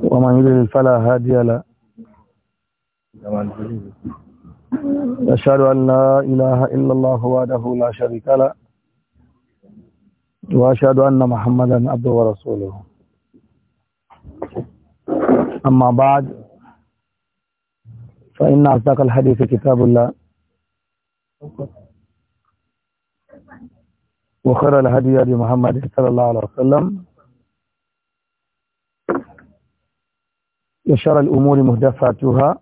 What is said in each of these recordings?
ومن يضلل فلا هادي له أشهد أن لا إله إلا الله وحده لا شريك له وأشهد أن محمدا عبده ورسوله أما بعد فإن أصدق الحديث كتاب الله وخير الهدي هدي محمد صلى الله عليه وسلم وشر الأمور مهدفاتها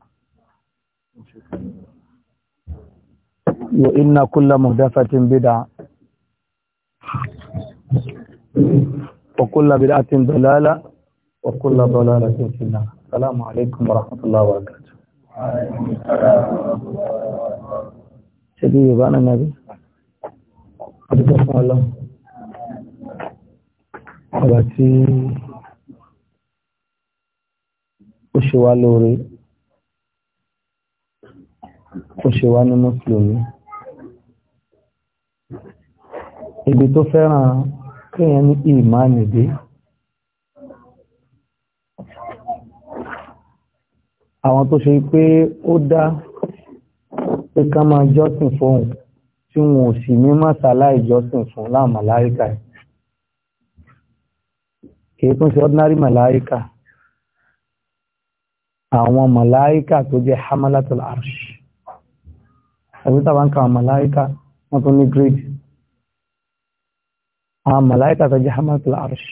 وإن كل مهدفة بدعة وكل بدعة ضلالة وكل ضلالة في النار السلام عليكم ورحمة الله وبركاته سيدي أنا النبي أدركنا الله أباتي ó ṣe wá lóore ó ṣe wá ní mùsùlùmí ibi tó fẹ́ràn kéèyàn ní ìmáànì dé àwọn tó ṣe pé ó dá pé ká máa jọ́sìn fóun tí wọn ò sì ní mọ́sálá ìjọsìn fún láàmàláríkà kìí tún ṣe ordinary màláríkà àwọn màláíkà tó jẹ́ hamalatul arsh ẹ̀bí tàbá ń ka àwọn màláíkà wọ́n tó ní grade àwọn màláíkà tó jẹ́ hamalatul arsh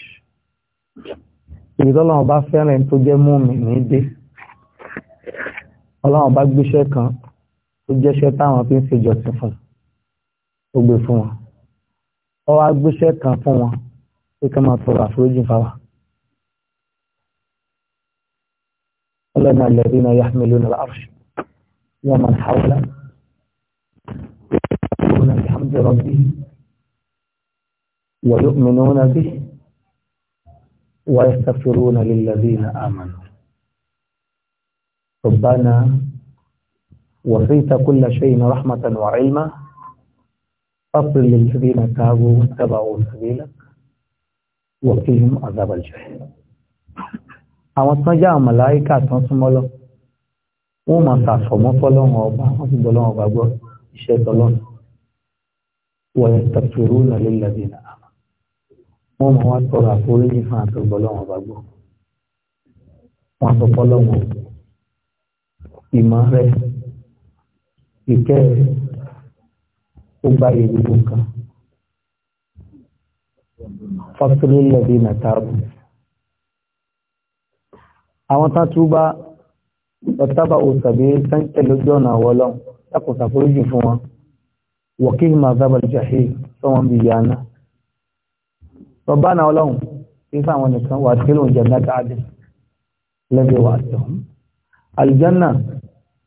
ìrìtọ́ lọ́wọ́ bá fẹ́rẹ̀ tó jẹ́ múmi ní dé ọlọ́wọ́ bá gbéṣẹ́ kan tó jẹ́ṣẹ́ táwọn fi ń fi jọsìn fún ó gbé fún wọn ó wá kan fún wọn pé ká máa tọrọ àforíjì fáwọn لنا الذين يحملون العرش ومن حوله يؤمنون بحمد ربهم ويؤمنون به ويستغفرون للذين آمنوا ربنا وفيت كل شيء رحمة وعلما فاغفر للذين تابوا واتبعوا سبيلك وفيهم عذاب الجحيم àwọn tán já àwọn màláíkà tán súnmọ́ lọ wọ́n máa ṣàfọ̀mọ́ fọ́lọ́run ọba wọ́n sì gbọ́ lọ́wọ́ ọba gbọ́ iṣẹ́ tọ́lọ́run wọ́n yẹ tàkìrú nàlẹ́ lẹ́dínà wọ́n máa wá tọrọ àforíjì fún àtọ̀gbọ́ lọ́wọ́ ọba wọ́n sọ fọ́lọ́run ìmọ̀ rẹ̀ ìkẹ́ rẹ̀ ìlú kan fọ́sílẹ̀ lẹ́dínà tábù àwọn tán túbá ọ̀tábà òsàbí sáńtẹ̀ lójú ọ̀nà àwọlọ́n lákòóso àforíjì fún wọn wọ̀kí ìmọ̀ àzábàlì jàhí sọ́wọ́n bí ìyá náà bàbá náà ọlọ́run kí fáwọn nìkan wà tí lóun jẹ̀dá káàdì lẹ́gbẹ̀ẹ́ wà tó àlìjánà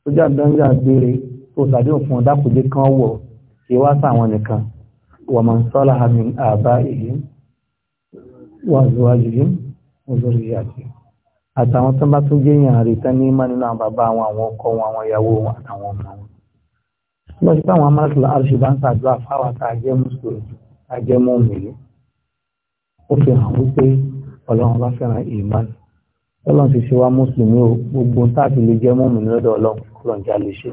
tó jà dánjà gbére tó sàdéhùn fún dákùjẹ kan wọ̀ kí wá sáwọn nìkan wà máa ń sọ́lá àmì àbá ìhìn wà zuwájú yìí wọ́n zórí yàtì àtàwọn tó bá tún jẹ́ èèyàn rè tán ní má nínú àwọn bàbá wọn àwọn ọkọ wọn àwọn ìyàwó wọn àtàwọn ọmọ wọn. lọ sí táwọn amárasìlá àrùsì bá ń ṣàdúrà fáwọn àti àjẹ mùsùlùmí àjẹ mọ́mìlì ó fi hàn wípé ọlọ́run bá fẹ́ràn ìmán ọlọ́run sì ṣe wá mùsùlùmí o gbogbo táàbì lè jẹ́ mọ́mìlì lọ́dọ̀ ọlọ́run kọlọ̀ ń já lè ṣe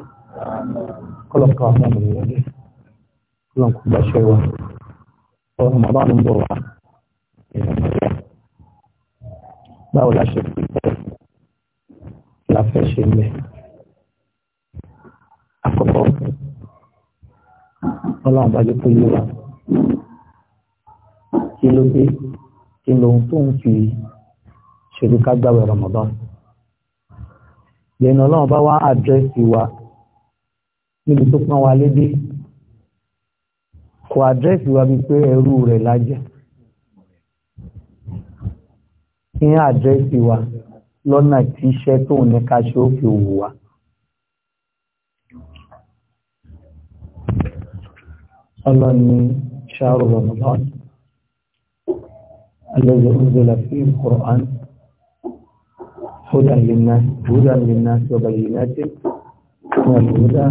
kọlọ̀ ká wà mọ́mìlì wọlé kọlọ̀ ń kó gbàṣẹ́ wa ọ̀rọ̀ màbá ń bọ̀ wá báwo la ṣe pè pẹ́ la fẹ́ ṣe mẹ́. Àkọ́kọ́ ọlọ́run bá jẹ́ kó yé wa kí ló dé kí lohun tó ń fi ṣèlú ká gbàwé Ramadan. Lẹ́nu ọlọ́run bá wá àdírẹ́sì wa níbi tó pọ́n wa lédè kò àdírẹ́sì wa bíi pé ẹrú rẹ̀ la kí ń àdírẹ́sì wa lọ́nà tí iṣẹ́ tó ní ká ṣe ó fi wù wá. ọlọ́ni ṣáàrù ramadan alẹ́jọ́ oúnjẹ́lá sí Qur'an hudan linnas hudan linnas wa bayyinatin min al-huda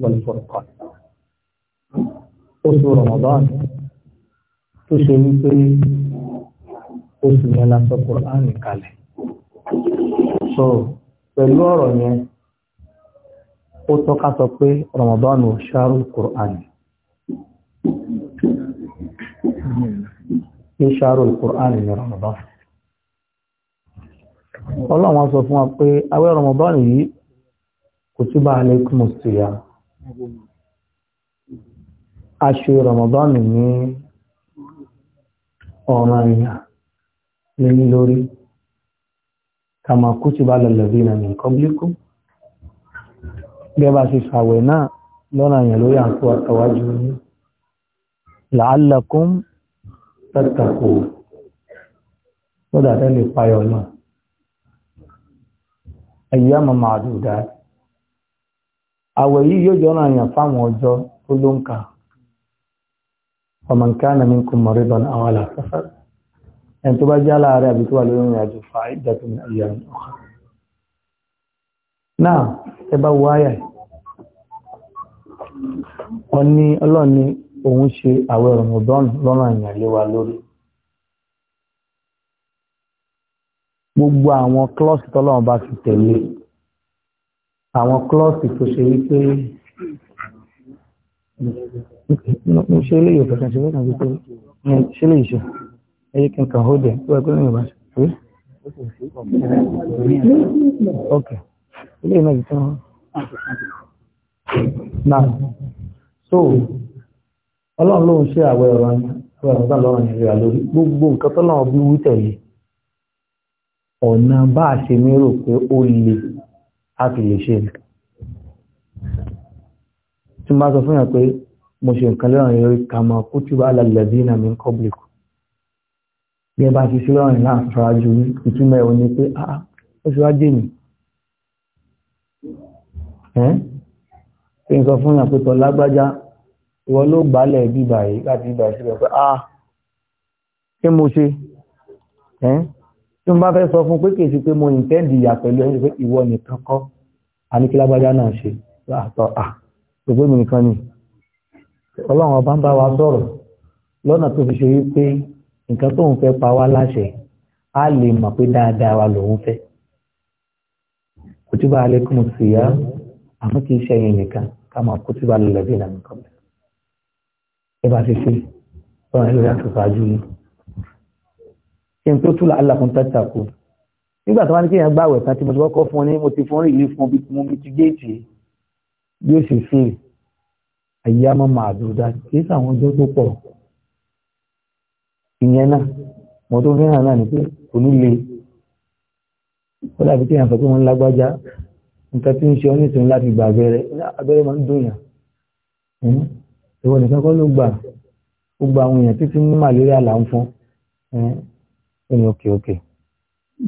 wal furqan oṣù ramadan tó ṣe wípé oṣù yẹn la sọ Kùránì kalẹ̀ so pẹ̀lú ọ̀rọ̀ yẹn ó tọ́ka sọ pé Ramadan ò ṣáàrù Kùránì ní ṣáàrù Kùránì ní Ramadan ọlọ́run sọ fún wa pé awẹ́ Ramadan yìí a ṣe Ramadan ní ọ̀ràn lẹ́yìn lórí kàmà kutiba ala alladhina min qablikum gẹ́bà sí sàwẹ̀ náà lọ́nà àyàn lórí àǹkó àtàwájú ní la'allakum tattaqun lọ́dà tẹ́lẹ̀ payọ̀ náà ayyama ma'dudat àwẹ̀ yìí yóò jọ́nà àyàn fáwọn ọjọ́ tó ló ń kà faman kana minkum maridan aw ẹni tó bá jẹ́ aláàárẹ̀ àbí tó wà lórí ìrìn àjò fa ìdàtún ìyá ọ̀hà náà ẹ bá wo àyà wọn ní ọlọ́run ní òun ṣe àwẹ̀ rọmọdọ́nù lọ́nà ìyànlẹ́wà lórí gbogbo àwọn klọ́ọ̀sì tọ́lọ́run bá ti tẹ̀lé àwọn klọ́ọ̀sì tó ṣe wípé mo ṣe eléyìí òfin kan ṣe wípé mo ṣe eléyìí ṣe ẹ̀yẹ kí n kàn hold it wọ́n ẹgbẹ́ lóyún bá ṣe. ok ilé ìmọ̀ ìtàn náà so ọlọ́run ló ń ṣe àwẹ̀ ọ̀rọ̀ àwẹ̀ ọ̀rọ̀ lọ́rọ̀ yẹn rẹ̀ lórí gbogbo nǹkan tó lọ́wọ́ bí wí tẹ̀lé ọ̀nà bá a ṣe mérò pé ó le a fi lè ṣe tí mo bá sọ fún yàn pé mo ṣe nǹkan lọ́rọ̀ yẹn rí kàmá kútùbà alàlẹ́bí náà mi ń kọ́bìlì kù bí ẹ bá ti sílẹ̀ ọ̀rìn náà ṣáájú ìtumọ̀ ẹ̀ ní pé ah, ah ó ṣe wá dé mi kí n sọ fún yàn pé tọ́ lágbájá ìwọ ló gbálẹ̀ bíbà yìí láti bíbà sí ẹ̀ pé ah kí mo ṣe tí mo bá fẹ́ sọ fún pé kì í ṣe pé mo ìntẹ́ǹdì ìyà pẹ̀lú ẹni pé ìwọ nìkan kọ́ àníkí lágbájá náà ṣe láàtọ̀ à ah, gbogbo mi nìkan ni ọlọ́run ọba ń bá wa sọ̀rọ̀ lọ́nà tó fi ṣe wípé nǹkan tó ń fẹ́ pa wá láṣẹ á lè mọ̀ pé dáadáa wa lòun fẹ́ kùtùbà alẹ́kùn sí ya àmọ́ kì í ṣe ẹ̀yìn nìkan ká máa kùtùbà lọ́lẹ̀ bí ìlànà kan ẹ bá ṣe ṣe ọ̀rọ̀ ẹ̀rọ yàtọ̀ ṣáájú ni. kí n tó tú làálà fún tẹ́tà kù nígbà tó wá ní kéèyàn gbàwẹ̀ kan tí mo ti kọ́kọ́ fún ọ ní mo ti fún rìlí fún mo ti géètì bí ṣe fèè àyíyá mọ́ màdùdá kì í sàwọn ìyẹn náà mo tó fi náà ni pé kò le ó dàbí kí àǹfààní wọn lágbájá nǹkan tí ń ṣe ọ nísìnyí láti gba abẹ́rẹ́ abẹ́rẹ́ máa ń dùnyàn hmm? ìwọ nìkan kọ́ ló gbà ó gba àwọn èèyàn títí ní màlúríà là ń fún ẹni òkè òkè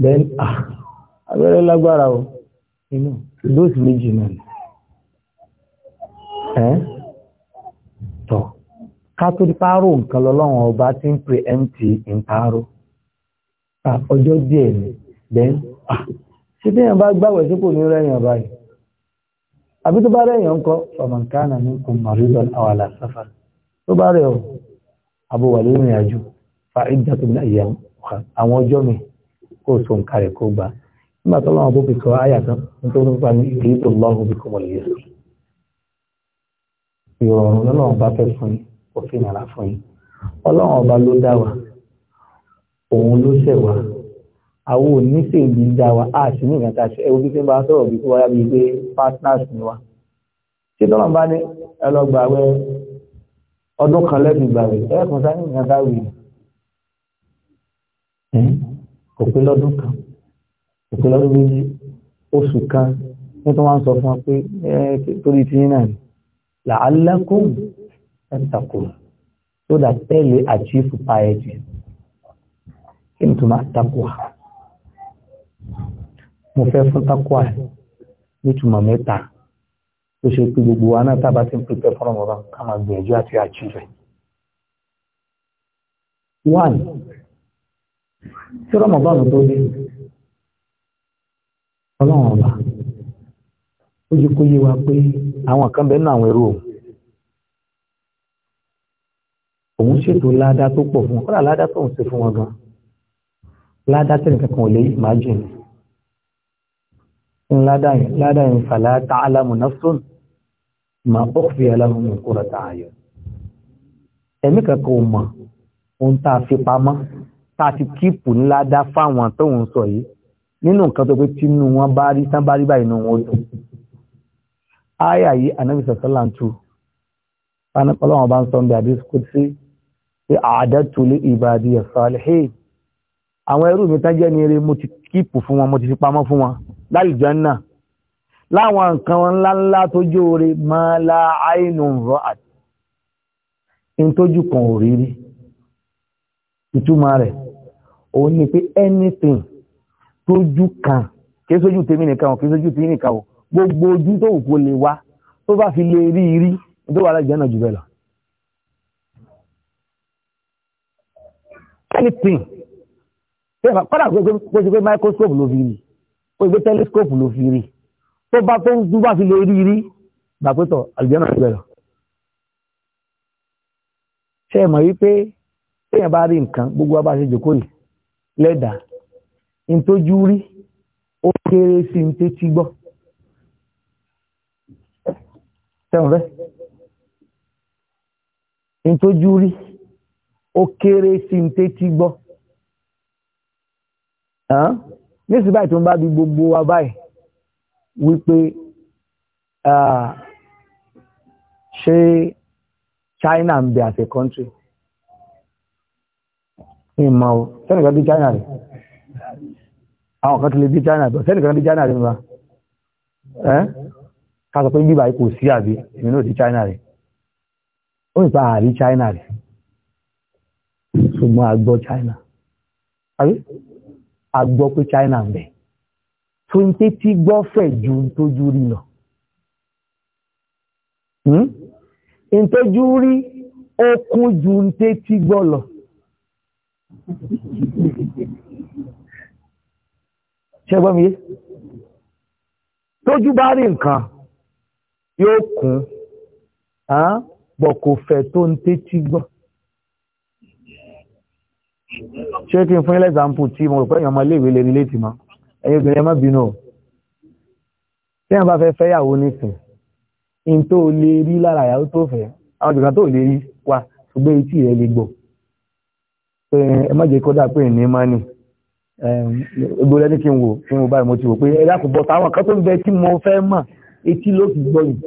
then ah, abẹ́rẹ́ lágbára o inú dóòtù méjì náà hmm? ká tó di páàrò nǹkan lọ́lọ́run ọba ti ń pre empty in páàrò ọjọ́ díẹ̀ ni then ṣé bí èèyàn bá gbàwẹ̀ sí kò ní rẹ̀yàn báyìí àbí tó bá rẹ̀yàn ń kọ́ ọmọ nǹkan ní kò mọ̀rídọ́n àwọn àlàsáfà tó bá rẹ̀ ọ́ àbúwà lórí àjò fa ìjà tó ní àyà àwọn ọjọ́ mi kó so nǹkan rẹ̀ kó gbà nígbà tó lọ́wọ́ bó fi àyà tán nítorí nípa ní ìrírí tó bí kò mọ̀ lè yẹ ìrọ̀rùn lọ́wọ́ bá fẹ́ fún yìí òfin àrà fún yín ọlọ́run ọba ló dá wa òun ló ṣẹ̀ wa àwọn oníṣègbè dá wa a sì ní ìgbàta ṣe ẹwú bí tí ń bá sọ̀rọ̀ bí kó wáyà bíi pé partners ni wa ṣé tọ́lọ̀ bá ní ẹlọ́gbà wẹ ọdún kan lẹ́sìn ìgbà rẹ̀ ẹ̀ẹ́kan sáré ìgbàta rè é kò pé lọ́dún kan kò lọ́dún méjì oṣù kan nítorí wọn sọ fún wa pé ẹ torí tí yín náà ni làálẹ́kùn tattaqun so that they will achieve piety into ma taqwa mo fẹ́ fún taqwa ní mẹ́ta tó ṣe pé gbogbo wa náà tábà ti ń fún ọmọ ká máa gbìyànjú àti achieve one tí ọmọ bá tó dé ọlọ́run ọba ó wa pé àwọn kan bẹ́ẹ̀ náà àwọn òun ṣètò ládá tó pọ̀ fún kọ́lá ládá tó ń ṣe fún wọn gan ládá tẹ́lẹ̀ kankan ò lè imagine ní ládá yẹn ládá yẹn fala ta'lamu nafsun ma ukhfiya lahum min qurrati a'yun ẹ̀mí kankan ò mọ̀ ohun tá a fi pamọ́ tá a ti kíìpù ní ládá fáwọn tó ń sọ yìí nínú nǹkan tó pé tínú wọn bá rí tán bá rí báyìí nínú wọn dùn áyà yìí anábìsọ̀sọ́là ń tu bá ń sọ ń bẹ àdéhùn kó pé àádọ́tò lé ìbàdí ẹ̀sọ́lẹ̀ àwọn ẹrú mi tán jẹ́ ní eré mo ti kíìpù fún wọn mo ti fi pamọ́ fún wọn lálìjọ́nà láwọn nǹkan ńláńlá tó jó ore máa la àìnù rọ àti in tójú kan ò rí rí ìtumọ̀ rẹ̀ òun ni pé anything tójú kan kìí sójú tèmi nìkan ò kìí sójú tèmi nìkan ò gbogbo ojú tó wù lè wá tó bá fi lè rí rí tó wà lájẹ́ jù bẹ́ẹ̀ lọ anything kọ́dà kó ṣe pé microscope ló fi rí kó ṣe pé telescope ló fi rí tó bá tó ń bá fi lè rí rí gbà pé tọ̀ àlùjọ́nà ti bẹ̀rẹ̀ ṣe mọ̀ wípé téèyàn bá rí nǹkan gbogbo wa bá ṣe jòkó yìí lẹ́dà ní tójú rí ó kéré sí ní tétí gbọ́ sẹ́wọ̀n fẹ́ ní tójú rí ó kéré sí ń tétí gbọ́ nísìnyí báyìí tó ń bá bí gbogbo wa báyìí wípé ṣé China ń bẹ as a country ìmọ̀ o sẹ́nìkan bí China rẹ̀ àwọn kan tó lè bí China bọ̀ sẹ́nìkan bí China rẹ̀ ń bá ẹ́ ká sọ pé bíbá yìí kò sí àbí èmi náà di China rẹ̀ ó ń pa àrí China rẹ̀ ṣùgbọ́n a gbọ́ China àbí a gbọ́ pé China ń bẹ̀ tó ń tẹ́tí gbọ́ fẹ̀ ju tójú rí lọ hmm? ntójú rí ó kún ju tẹ́tí gbọ́ lọ. ṣé gbọ́ mi yé tójú bá rí nǹkan yóò kún bọ̀ kò fẹ̀ tó ń gbọ́ ṣé kí n fún ilẹ̀ ìzàmpù tí mo rò pé èèyàn ọmọ iléèwé lè nílé tì mọ́ ẹ̀yin obìnrin ẹ má bínú o tí èèyàn bá fẹ́ fẹ́yàwó nìsín in tó lè rí lára ìyàwó tó fẹ́ àwọn ìgbà tó lè rí wa ṣùgbọ́n etí rẹ̀ lè gbọ́ pé ẹ má jẹ́ kódà pé ní má nì gbogbo ẹni kí n wò kí n wò báyìí mo ti wò pé ẹ dákun bọ̀ táwọn kan tó ń bẹ tí mo fẹ́ mọ̀ etí ló fi gbọ́ yìí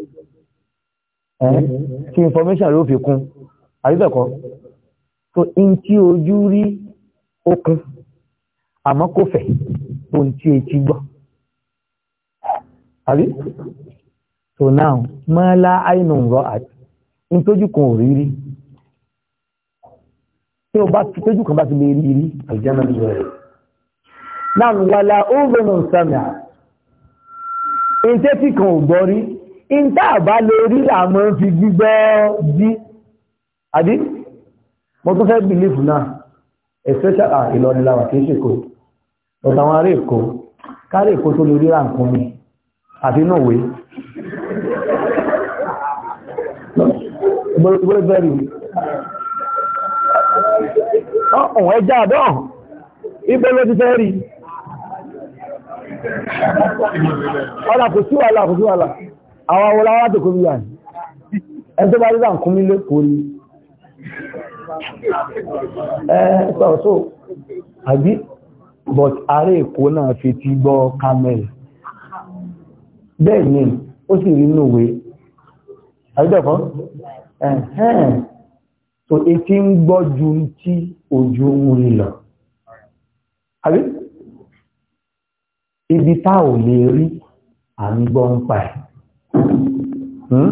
kí information ló fi kún àyíbẹ̀kọ́ so in tí ojú rí okun àmọ́ kò fẹ̀ tó ń tí etí gbọ́ àbí so now mọ́lá àìnà ọ̀rọ̀ àti in tójú kan ò rí rí tí ó bá tójú kan bá ti lè rí rí àjẹ́mọ́ ní rẹ̀ náà wàlá ògbónà sàmìà in tẹ́tí kan ò gbọ́ rí in tá àbá lè rí làmọ́ fi gbígbọ́ bí àbí mo tún fẹ́ bìlífù náà especially à ah, Ìlọrin làwà kìí ṣe kò ọ̀tà àwọn ará Èkó kárí Èkó tó lè rí ráǹkan mi àti inú òwe gbọ́lẹ́gbẹ́rì ọ̀hún ẹja àdán ibẹ̀ ló ti fẹ́ rí ọ̀là kò sí wàhálà kò sí wàhálà àwọn awolawa tó kó bí yà ní ẹni ẹ eh, sọ so àbí but ààrẹ èkó náà fi ti gbọ́ camel bẹ́ẹ̀ ni ó sì rí inú ìwé àrídẹ̀kọ́ ẹ̀hẹ́n so etí ń gbọ́ ju tí ojú ohun ìlọ̀ àbí ibi tá ò lè rí à ń gbọ́ ń pa ẹ̀ hmm?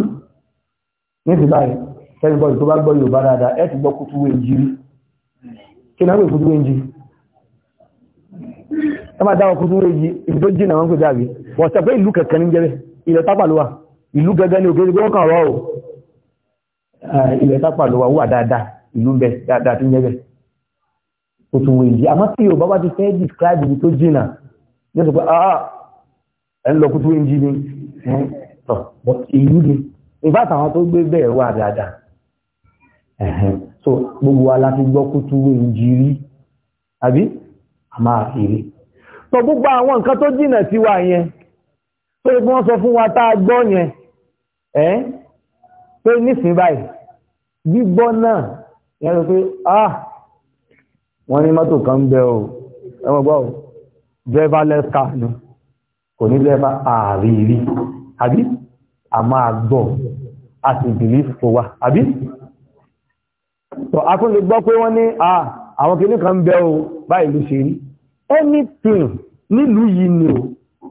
ní báyìí sẹ́gbọ́n tó bá gbọ́ Yorùbá dáadáa ẹ ti gbọ́ kútúwé ìjírí kí náà wọ́n kútúwé ìjí ẹ máa dáwọ́ kútúwé ìjí ibi tó jìnà wọ́n pè dàbí wọ́n sọ pé ìlú kẹ̀kẹ́ ní jẹ́rẹ́ ilẹ̀ tápàlúwà ìlú gẹ́gẹ́ ní òkèrè gbọ́n kàwọ́ o ilẹ̀ tápàlúwà wà dáadáa ìlú bẹ dáadáa tó jẹ́rẹ́ kútúwé ìjí àmọ́ tí Yorùbá bá ti fẹ́ describe ibi tó jìnà yóò sọ pé ah, ah ẹ ń lọ kútúwé ìjí ni ìlú ni ìbátan àwọn tó gbé bẹ́ẹ̀ wà dáadáa ẹ̀hẹ́n so gbogbo wa la fi gbọ́ kútúwé ìjírí àbí a máa fi rí tọ gbogbo àwọn nǹkan tó jìnà sí wa yẹn tó lè wọ́n sọ fún wa tá a gbọ́ yẹn ẹ́ pé nísìn báyìí gbígbọ́ náà yẹn ló pé ah wọ́n ní mọ́tò kan ń o ẹwọ́n gbọ́ o driver left car ni kò ní driver ààrí rí àbí a máa gbọ́ a sì believe for wa àbí tọ́ a tún lè gbọ́ pé wọ́n ní àwọn kìnnì kan bẹ́ o báyìí ló ṣe rí anything nílùú yìí ni o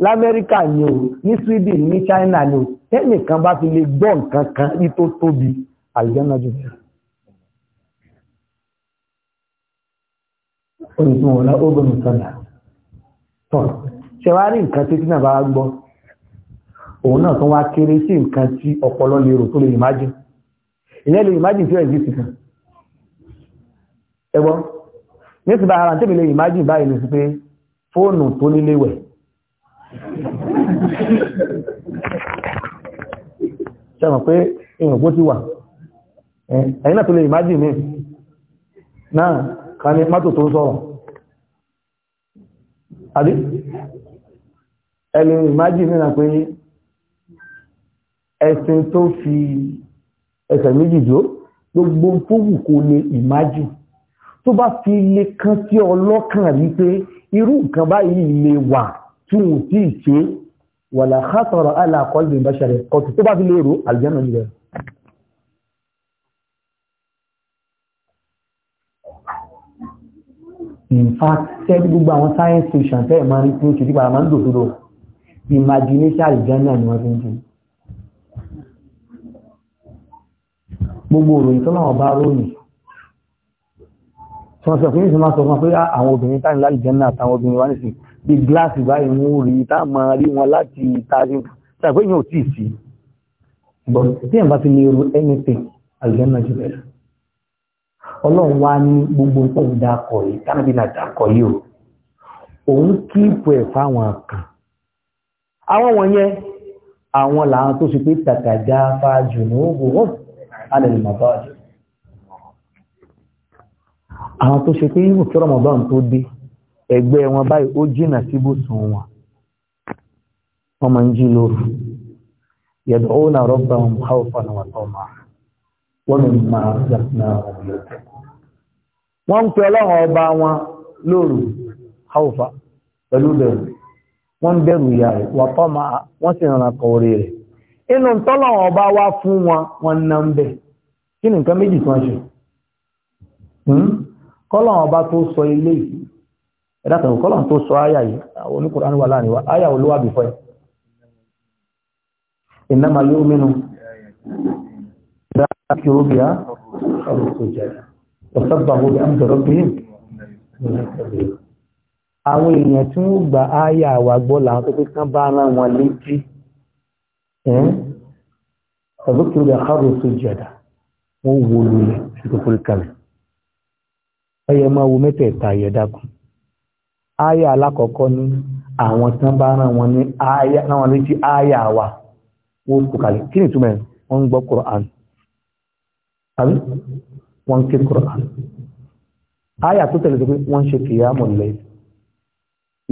lamẹ́ríkà ni o ní Sweden ní China ni o tẹ́nìkan bá fi lè gbọ́ nǹkan kan ní tó tóbi àlùjọ́nà jù bẹ́ẹ̀. orísun wọ̀lá ogun ìtọ́lá tọ́ ṣe wá rí nǹkan tí tínà bá gbọ́ òun náà tún wá kéré sí nǹkan tí ọpọlọ lè rò tó lè imagine ilẹ̀ lè imagine tí ó exist kan ẹgbọ́ ní ti bá ara tí ìbílẹ̀ ìmájì báyìí lè sí pé fóònù tó nílé wẹ̀ ṣẹ́mọ̀ pé ìrìnkó ti wà ẹ̀yìn náà tó lè ìmájì ní náà ká ní mọ́tò tó sọ̀rọ̀ àbí ẹ̀lẹ̀ ìmájì náà pé ẹ̀sìn tó fi ẹsẹ̀ méjì jó gbogbo fówù kò lè ìmájì tó bá fi lè kan sí ọlọ́kàn wípé irú nǹkan báyìí lè wà tí wọ́n ti ṣe wàlá khatara ala qalbi bashari kọ̀tù tó bá fi lè rò àlùjánnà nílẹ̀. in fact tẹ́lú gbogbo àwọn science fiction tẹ́ẹ̀ máa ń tún ṣe dípa ń dò imagination àlùjánnà ni wọ́n fi ń dùn. gbogbo òròyìn tó láwọn bá ròyìn wọ́n sọ fún yíṣẹ́ máa sọ fún pé ah, àwọn obìnrin táyìn láì jẹ́ náà àtàwọn obìnrin wá nìsìn bí gíláàsì báyìí wọ́n rí tá máa rí wọn láti tàbí tàbí èèyàn ò tí sí but tí ti lè ro anything àlùjẹ́nà jù bẹ̀rẹ̀ ọlọ́run wá ní gbogbo nǹkan dákọ̀ yìí tábí náà dákọ̀ yìí o òun kíìpù ẹ̀ fáwọn kan àwọn wọ̀nyẹn àwọn làwọn tó àwọn tó ṣe pé ìwò kí Ramadan tó dé ẹgbẹ́ wọn báyìí ó jìnà ọma wọn wọ́n máa ń jí lóru yad'una rabbahum khawfan wa tama'an wa mimma razaqnahum yunfiqun wọ́n ń pe ọlọ́run ọba wọn lóru khawfa pẹ̀lú bẹ̀rù wọ́n ń bẹ̀rù ìyá wọ́n sì inú ọba fún wọn wọn ń bẹ̀ kí ni nǹkan méjì ṣe hmm? kọ́lọ̀n ọba tó sọ ilé yìí ẹ̀dá kan kọ́lọ̀n tó sọ àyà yìí àwọn oníkùnrin wà láàrin wa àyà wo ló wà bìfọ́ ẹ̀ ìnáma yóò mínú dákì rúbíà ọ̀rọ̀ tó jẹ́ ọ̀sọ́gbà wo bí amúdọ̀rọ̀ bí àwọn èèyàn tí wọ́n gba àyà wa gbọ́ làwọn tó pín kán bá wọn létí ọ̀rọ̀ tó jẹ́ ọ̀rọ̀ tó jẹ́ dà wọ́n wo lulẹ̀ sí kalẹ̀ ẹyẹ máa wo mẹ́tẹ̀ẹ̀ta yẹ dákun aya alákọ̀ọ́kọ́ ní àwọn tán bá rán wọn ní aya rán wọn létí aya wa wọ́n kò kàlẹ̀ kí ni ìtumọ̀ wọ́n ń gbọ́ Qur'an àbí wọ́n ń ké Qur'an aya tó tẹ̀lé tó pé wọ́n ń ṣe kìyàmù lẹ́yìn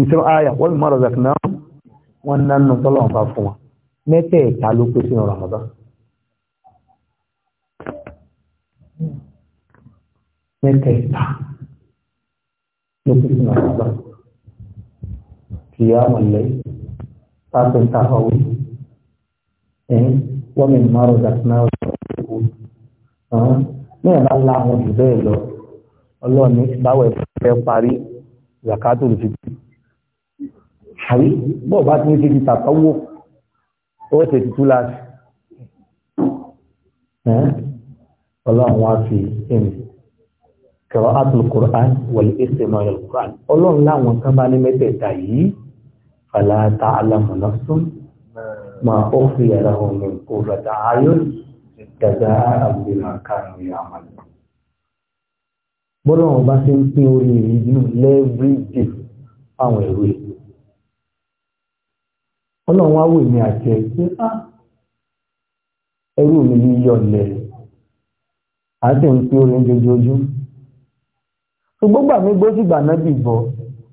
ìṣẹ́ aya wọ́n mi máa rọ̀ zàkínà wọ́n ń nánú tọ́lọ́wọ́n bá fún wọn mẹ́tẹ̀ẹ̀ta ló pé sínú Ramadan mẹ́tẹ̀ẹ̀ta lókùnrin àgbà kìyà mọ̀lẹ́ sáfẹ́ sáfàwé ẹ̀yìn wọ́n mi márùn dàtúná òkú ní ẹ̀rọ aláwọn jù bẹ́ẹ̀ lọ ọlọ́ọ̀ni báwẹ̀ fẹ́ parí zakato lè fi bí àrí bọ́ọ̀ bá ti ń ṣe ti tàtọ́wò ó ṣe ti túláṣì ọlọ́run wá fi ẹ̀mí qira'atul Qur'an wal istima'ul Qur'an ọlọ́run láwọn kan bá ní mẹ́tẹ̀ẹ̀ta yìí fala ta'lamu nafsun ma ukhfiya lahum min qurrati a'yun jaza'an bima kanu ya'malun. bọ́lọ́run bá ṣe ń pín orí ìrìnnú lẹ́ẹ̀bíríjì fáwọn ẹ̀rọ èlò ọlọ́run wá wò ní àjẹ pé á ah, ẹrú mi ní yọ̀lẹ̀ àti ń pín orí ojoojúmọ́ so gbogbo àmì gbósìgbà náà bì bọ́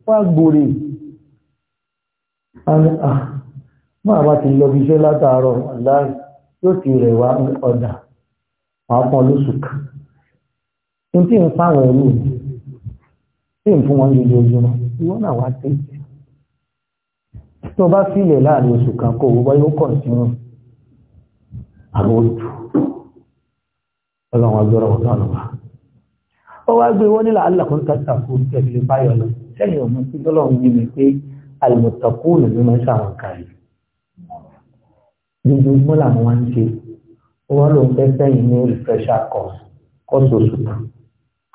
wọ́n á gbòòrè máa bá ti lọ bí iṣẹ́ látàárọ̀ láì yóò ti rẹ̀ wá ọ̀dà wàá pọn lóṣù kan ní tí ń fáwọn ẹ̀mí tí ń fún wọn lójoojúmọ́ ìwọ náà wá dé tó bá sílẹ̀ láàrin oṣù kan kó owó bá kọ̀ sínú àwọn ojú ọlọ́run agbára ọ̀dọ́ àlọ́wà ó wá gbé wọ́n nílà alákùn tàkù tẹ̀lé báyọ̀ lọ sẹ́yìn ọmọ tí lọ́lọ́run ní mi pé alìmọ̀tàkùn ló máa ń ṣàwọn kàrí lójoojúmọ́ làwọn wá ń ṣe ó wá lóun fẹ́ sẹ́yìn ní refresher course course oṣù kan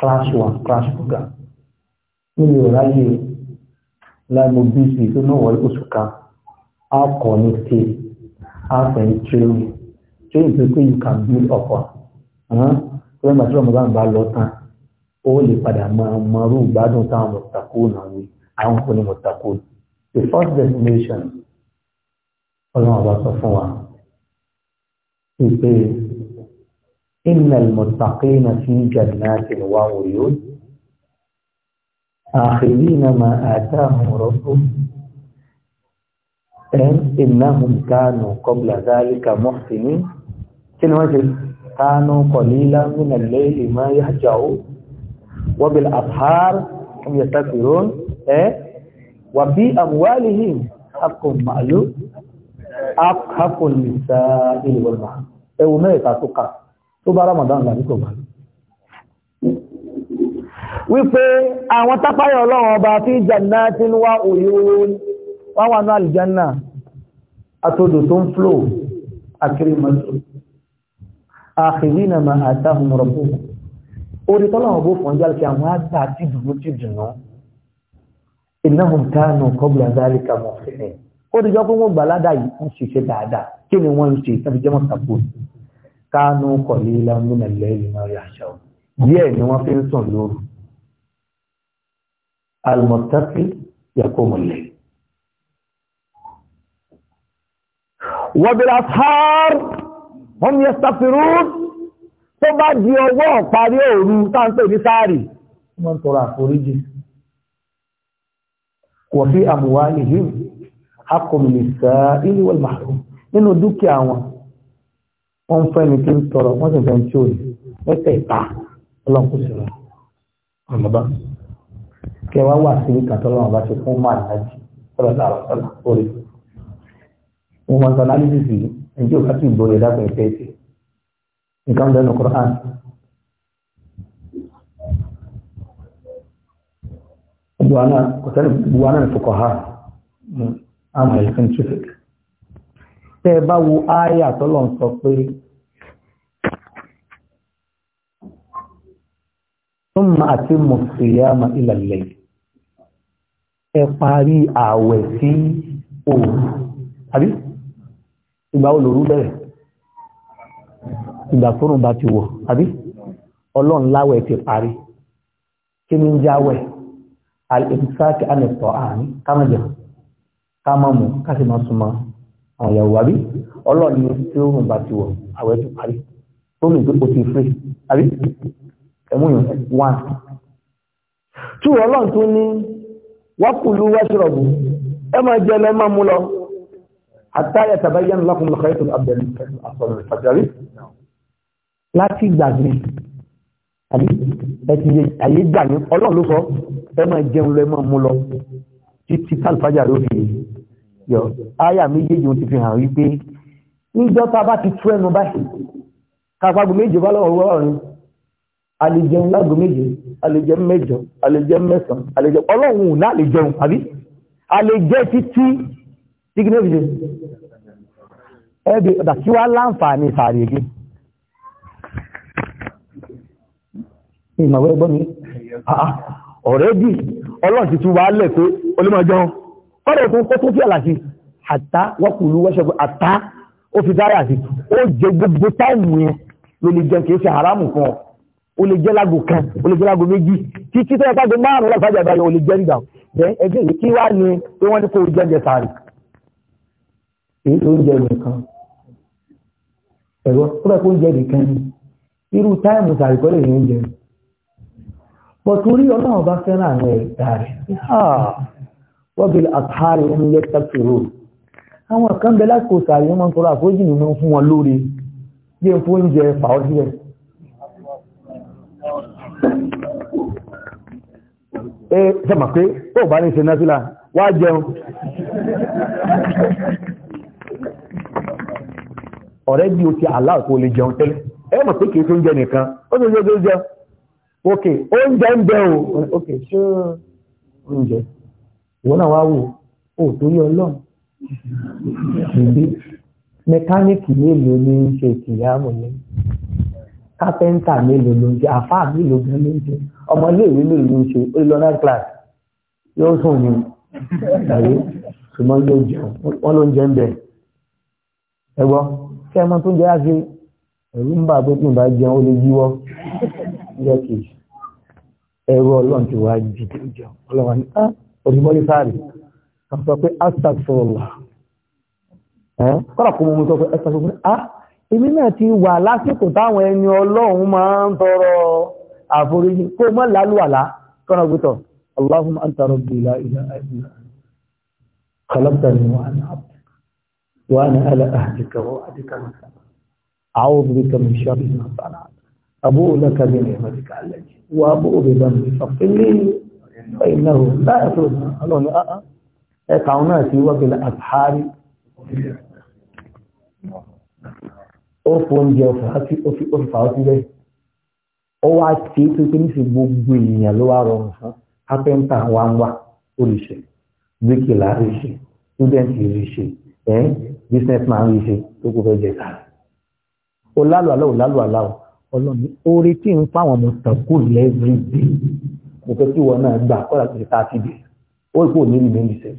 class one class program nílé ọ̀ráyè láìmọ̀ bíìsì tó náà wọlé oṣù kan á kọ́ ní ké á pẹ̀ ní training training pé pé you can build up on. Ọ̀rẹ́ màtí ọmọ bá ń bá lọ tán ó lè padà máa mọrú ìgbádùn táwọn mọ̀tàkùn náà wí àwọn kò ní mọ̀tàkùn. the first destination ọlọ́run ọba sọ fún wa wípé innal muttaqina fi jannatin wa uyun akhidina ma atahum rabbuhum innahum kanu qabla dhalika muhsinin kí ni wọ́n ṣe kanu qalilan min al-layli ma yahja'un wabil afhar hum yastakbirun eh wa bi amwalihim haqqun ma'lum haqqun lisa'il wal mahrum ewu mẹ́ta tó kà tó bá ramadan làbí kò bá wípé àwọn tápáyọ̀ ọlọ́run ọba fi jannatin wa uyun wọ́n wà ní aljanna àtòdò tó ń flò àkiri ma àtàhùn rọ̀bùkù orí tọ́lọ́wọ́ bó fún ọjọ́ àlùkìyà wọn á gbà tí dùnú tí dùnú ìnáhùn kánù kọ́bùlà dáálì kàmọ́ fẹ́ẹ́ ó ti jọ pé wọ́n gbà ládà yìí ń ṣiṣẹ́ dáadáa kí ni wọ́n ń ṣe tàbí jẹ́mọ́ sàpò kánú kọ̀lé lámúnà lẹ́yìn náà yà ṣá díẹ̀ ni wọ́n fi ń sùn lóru almọ̀tàkì yàkó mọ̀lẹ́. wọ́n bí lásán wọ́n yẹ sàfirún tó bá di ọwọ́ parí òru táńpé ní sáàrì wọ́n ń tọrọ àforíjì wa fi amwalihim haqqun lis-sa'ili wal-mahrum nínú dúkìá wọn wọ́n fẹ́ ní kí ń tọrọ wọ́n sì fẹ́ ń tí ò ní mẹ́tẹ̀ ìta ọlọ́kùn sí wọn ọmọba kẹwàá wà sí ìkàtọ́ lọ́wọ́ bá ṣe fún máa nàájì sọ́lọ́sọ́lọ́ orí wọn máa sọ analysis yìí ẹjọ́ ká sì gbọ́ ìfẹ́ sí nǹkan bẹ́ẹ̀ ní Qur'an. buwana kòtẹ́lẹ̀ buwana ha fuqaha àmà scientific. tẹ́ ẹ bá wo ááyà tọ́lọ̀ ń sọ pé thumma atimmu siyama ila al-layl ẹ pari ààwẹ̀ sí òru àbí ìgbà wo lòru ìgbà tó rùn bá ti wọ̀ àbí ọlọ́run láwẹ̀ ti parí kí ni ń jáwẹ̀ alẹ́bùsáàkì àlẹ́tọ̀ àní kámẹ́jọ kámọ́mù káṣí máa súnmọ́ àwọn ìyàwó àbí ọlọ́run ni tí ó rùn bá ti wọ̀ àwẹ̀ ti parí tó lè pé o ti fẹ́ àbí ẹ̀mú yìí wá. tú ọlọ́run tún ní wákùlù wáṣọ̀rọ̀bù ẹ máa jẹ ẹ máa mú lọ àtàyà tàbáyé ńlá fún mi kàyé tó abẹ́rẹ́ àsọ̀rọ̀ ìfàjọ́rí láti gbàgbé àbí ẹtì ayé gbà ní ọlọ́run ló sọ ẹ máa jẹun lọ ẹ máa mú lọ títí tálfàjà ló fi yọ áyà méjèèjì ti fi hàn wípé níjọ́ tá a bá ti tú ẹnu báyìí kápágbó méje bá lọ́wọ́ ọ̀rìn a lè jẹun lágbo méje a lè jẹun mẹ́jọ a lè jẹun mẹ́sàn-án a lè jẹun ọlọ́run náà lè jẹun àbí a lè jẹ títí tí kí ní ó fi ṣe ẹbí ọ̀dà tí wàá láǹfààní sàárè gé. ìmọ̀wé ẹgbọ́n mi ah, ah, ọ̀rẹ́dì ọlọ́run ti tún wà lẹ̀ pé olómọjọ́ kọ́dọ̀ tó kó tó fi àlàsì àtá wọ́kùnlú wọ́ṣọ́gbọ́ àtá ó fi dára sí ó jẹ gbogbo táìmù yẹn ló lè jẹ kìí ṣe haramu kan ó lè jẹ lágbo kan ó lè jẹ lágbo méjì títí tó yẹ káàdé márùn láti fàjà ìbáyọ ó lè jẹ nígbà bẹ́ẹ̀ ẹgbẹ́ yìí kí wá ní pé wọ́n ní kó jẹ oúnjẹ sáré èyí tó ń jẹ nìkan ẹ̀rọ tó bẹ́ẹ̀ kó ń jẹ nìkan ni irú táìmù sàrìkọ́lẹ̀ yẹn ń jẹ pọ̀túrí ọlọ́run bá fẹ́ràn àwọn ẹ̀dá rẹ̀ wọ́n bí àtàrí ẹni yẹ tẹ́kìrò àwọn kan bẹ lásìkò sàárì wọn tọrọ àforíjì nínú fún wọn lórí bí n fún oúnjẹ fàọ́ sílẹ̀ ẹ sẹ́mà pé ó bá ní ṣe náfílà wá jẹun ọ̀rẹ́ bí o ti aláàkó lè jẹun tẹ́lẹ̀ ẹ mọ̀ pé kìí tó ń jẹ nìkan ó tó ń tó jẹun ok oúnjẹ ń bẹ o ok ṣé oúnjẹ ìwọ náà wá wò ó torí ọlọ́run ìdí mẹkáníìkì mélòó ní í ṣe ìkìyàmù ni kápẹ́ńtà mélòó ló ń jẹ àfáà mélòó gan ló ń jẹ ọmọléèwé mélòó ló ń ṣe ó lọ náà class yóò sùn ní ìtàwé ṣùgbọ́n yóò jẹun wọ́n ló ń jẹ ń bẹ̀ ẹ gbọ́ kí ẹ mọ tó ń jẹ́ àṣẹ ẹ̀rú ń bà pé kí n bá jẹun ó lè yíwọ́ yẹ kìí ẹ̀rọ ọlọ́run ti wá jìdí ìjọ ọlọ́run á òdìmọ́lé ah, sáré kan sọ pé astagfirullah ẹ̀ kọ́ra kó mú sọ pé astagfirullah á ah, èmi náà ti wà lásìkò táwọn ẹni ọlọ́run máa ń tọrọ àforíjì kó mọ́ lálùwàlá kọ́ra gbútọ̀ allahumma anta rabbi la ilaha illa khalaqtani wa ana abduka wa ana ala ahdika wa adika masa a'udhu bika min sharri ma sana'tu abu'u وابو بذنبي فاغفر لي فانه لا يغفر قالوا لي اه اه كاوناتي وبالاسحار ó fóúnjẹ ọ̀fà àti òfìfà ọtí bẹ́ẹ̀ ó wá tí ó pé ní sí gbogbo èèyàn ló wá rọrùn fún kápẹ́ńtà wa ń wà ó lè ṣe bíríkìlà rí ṣe túdẹ̀ǹtì rí ṣe ẹ́ bísínẹ́sì máa ń rí ṣe tó kó fẹ́ jẹ sáré ó lálù àlá ò lálù àlá ò ọlọ́ni oore tí ń pa àwọn mọ̀tàkù yẹn every day mo fẹ́ kí wọn náà gbà kọ́ra tó ti ta ti dè ó rí pé òní rí méjì sẹ́yìn.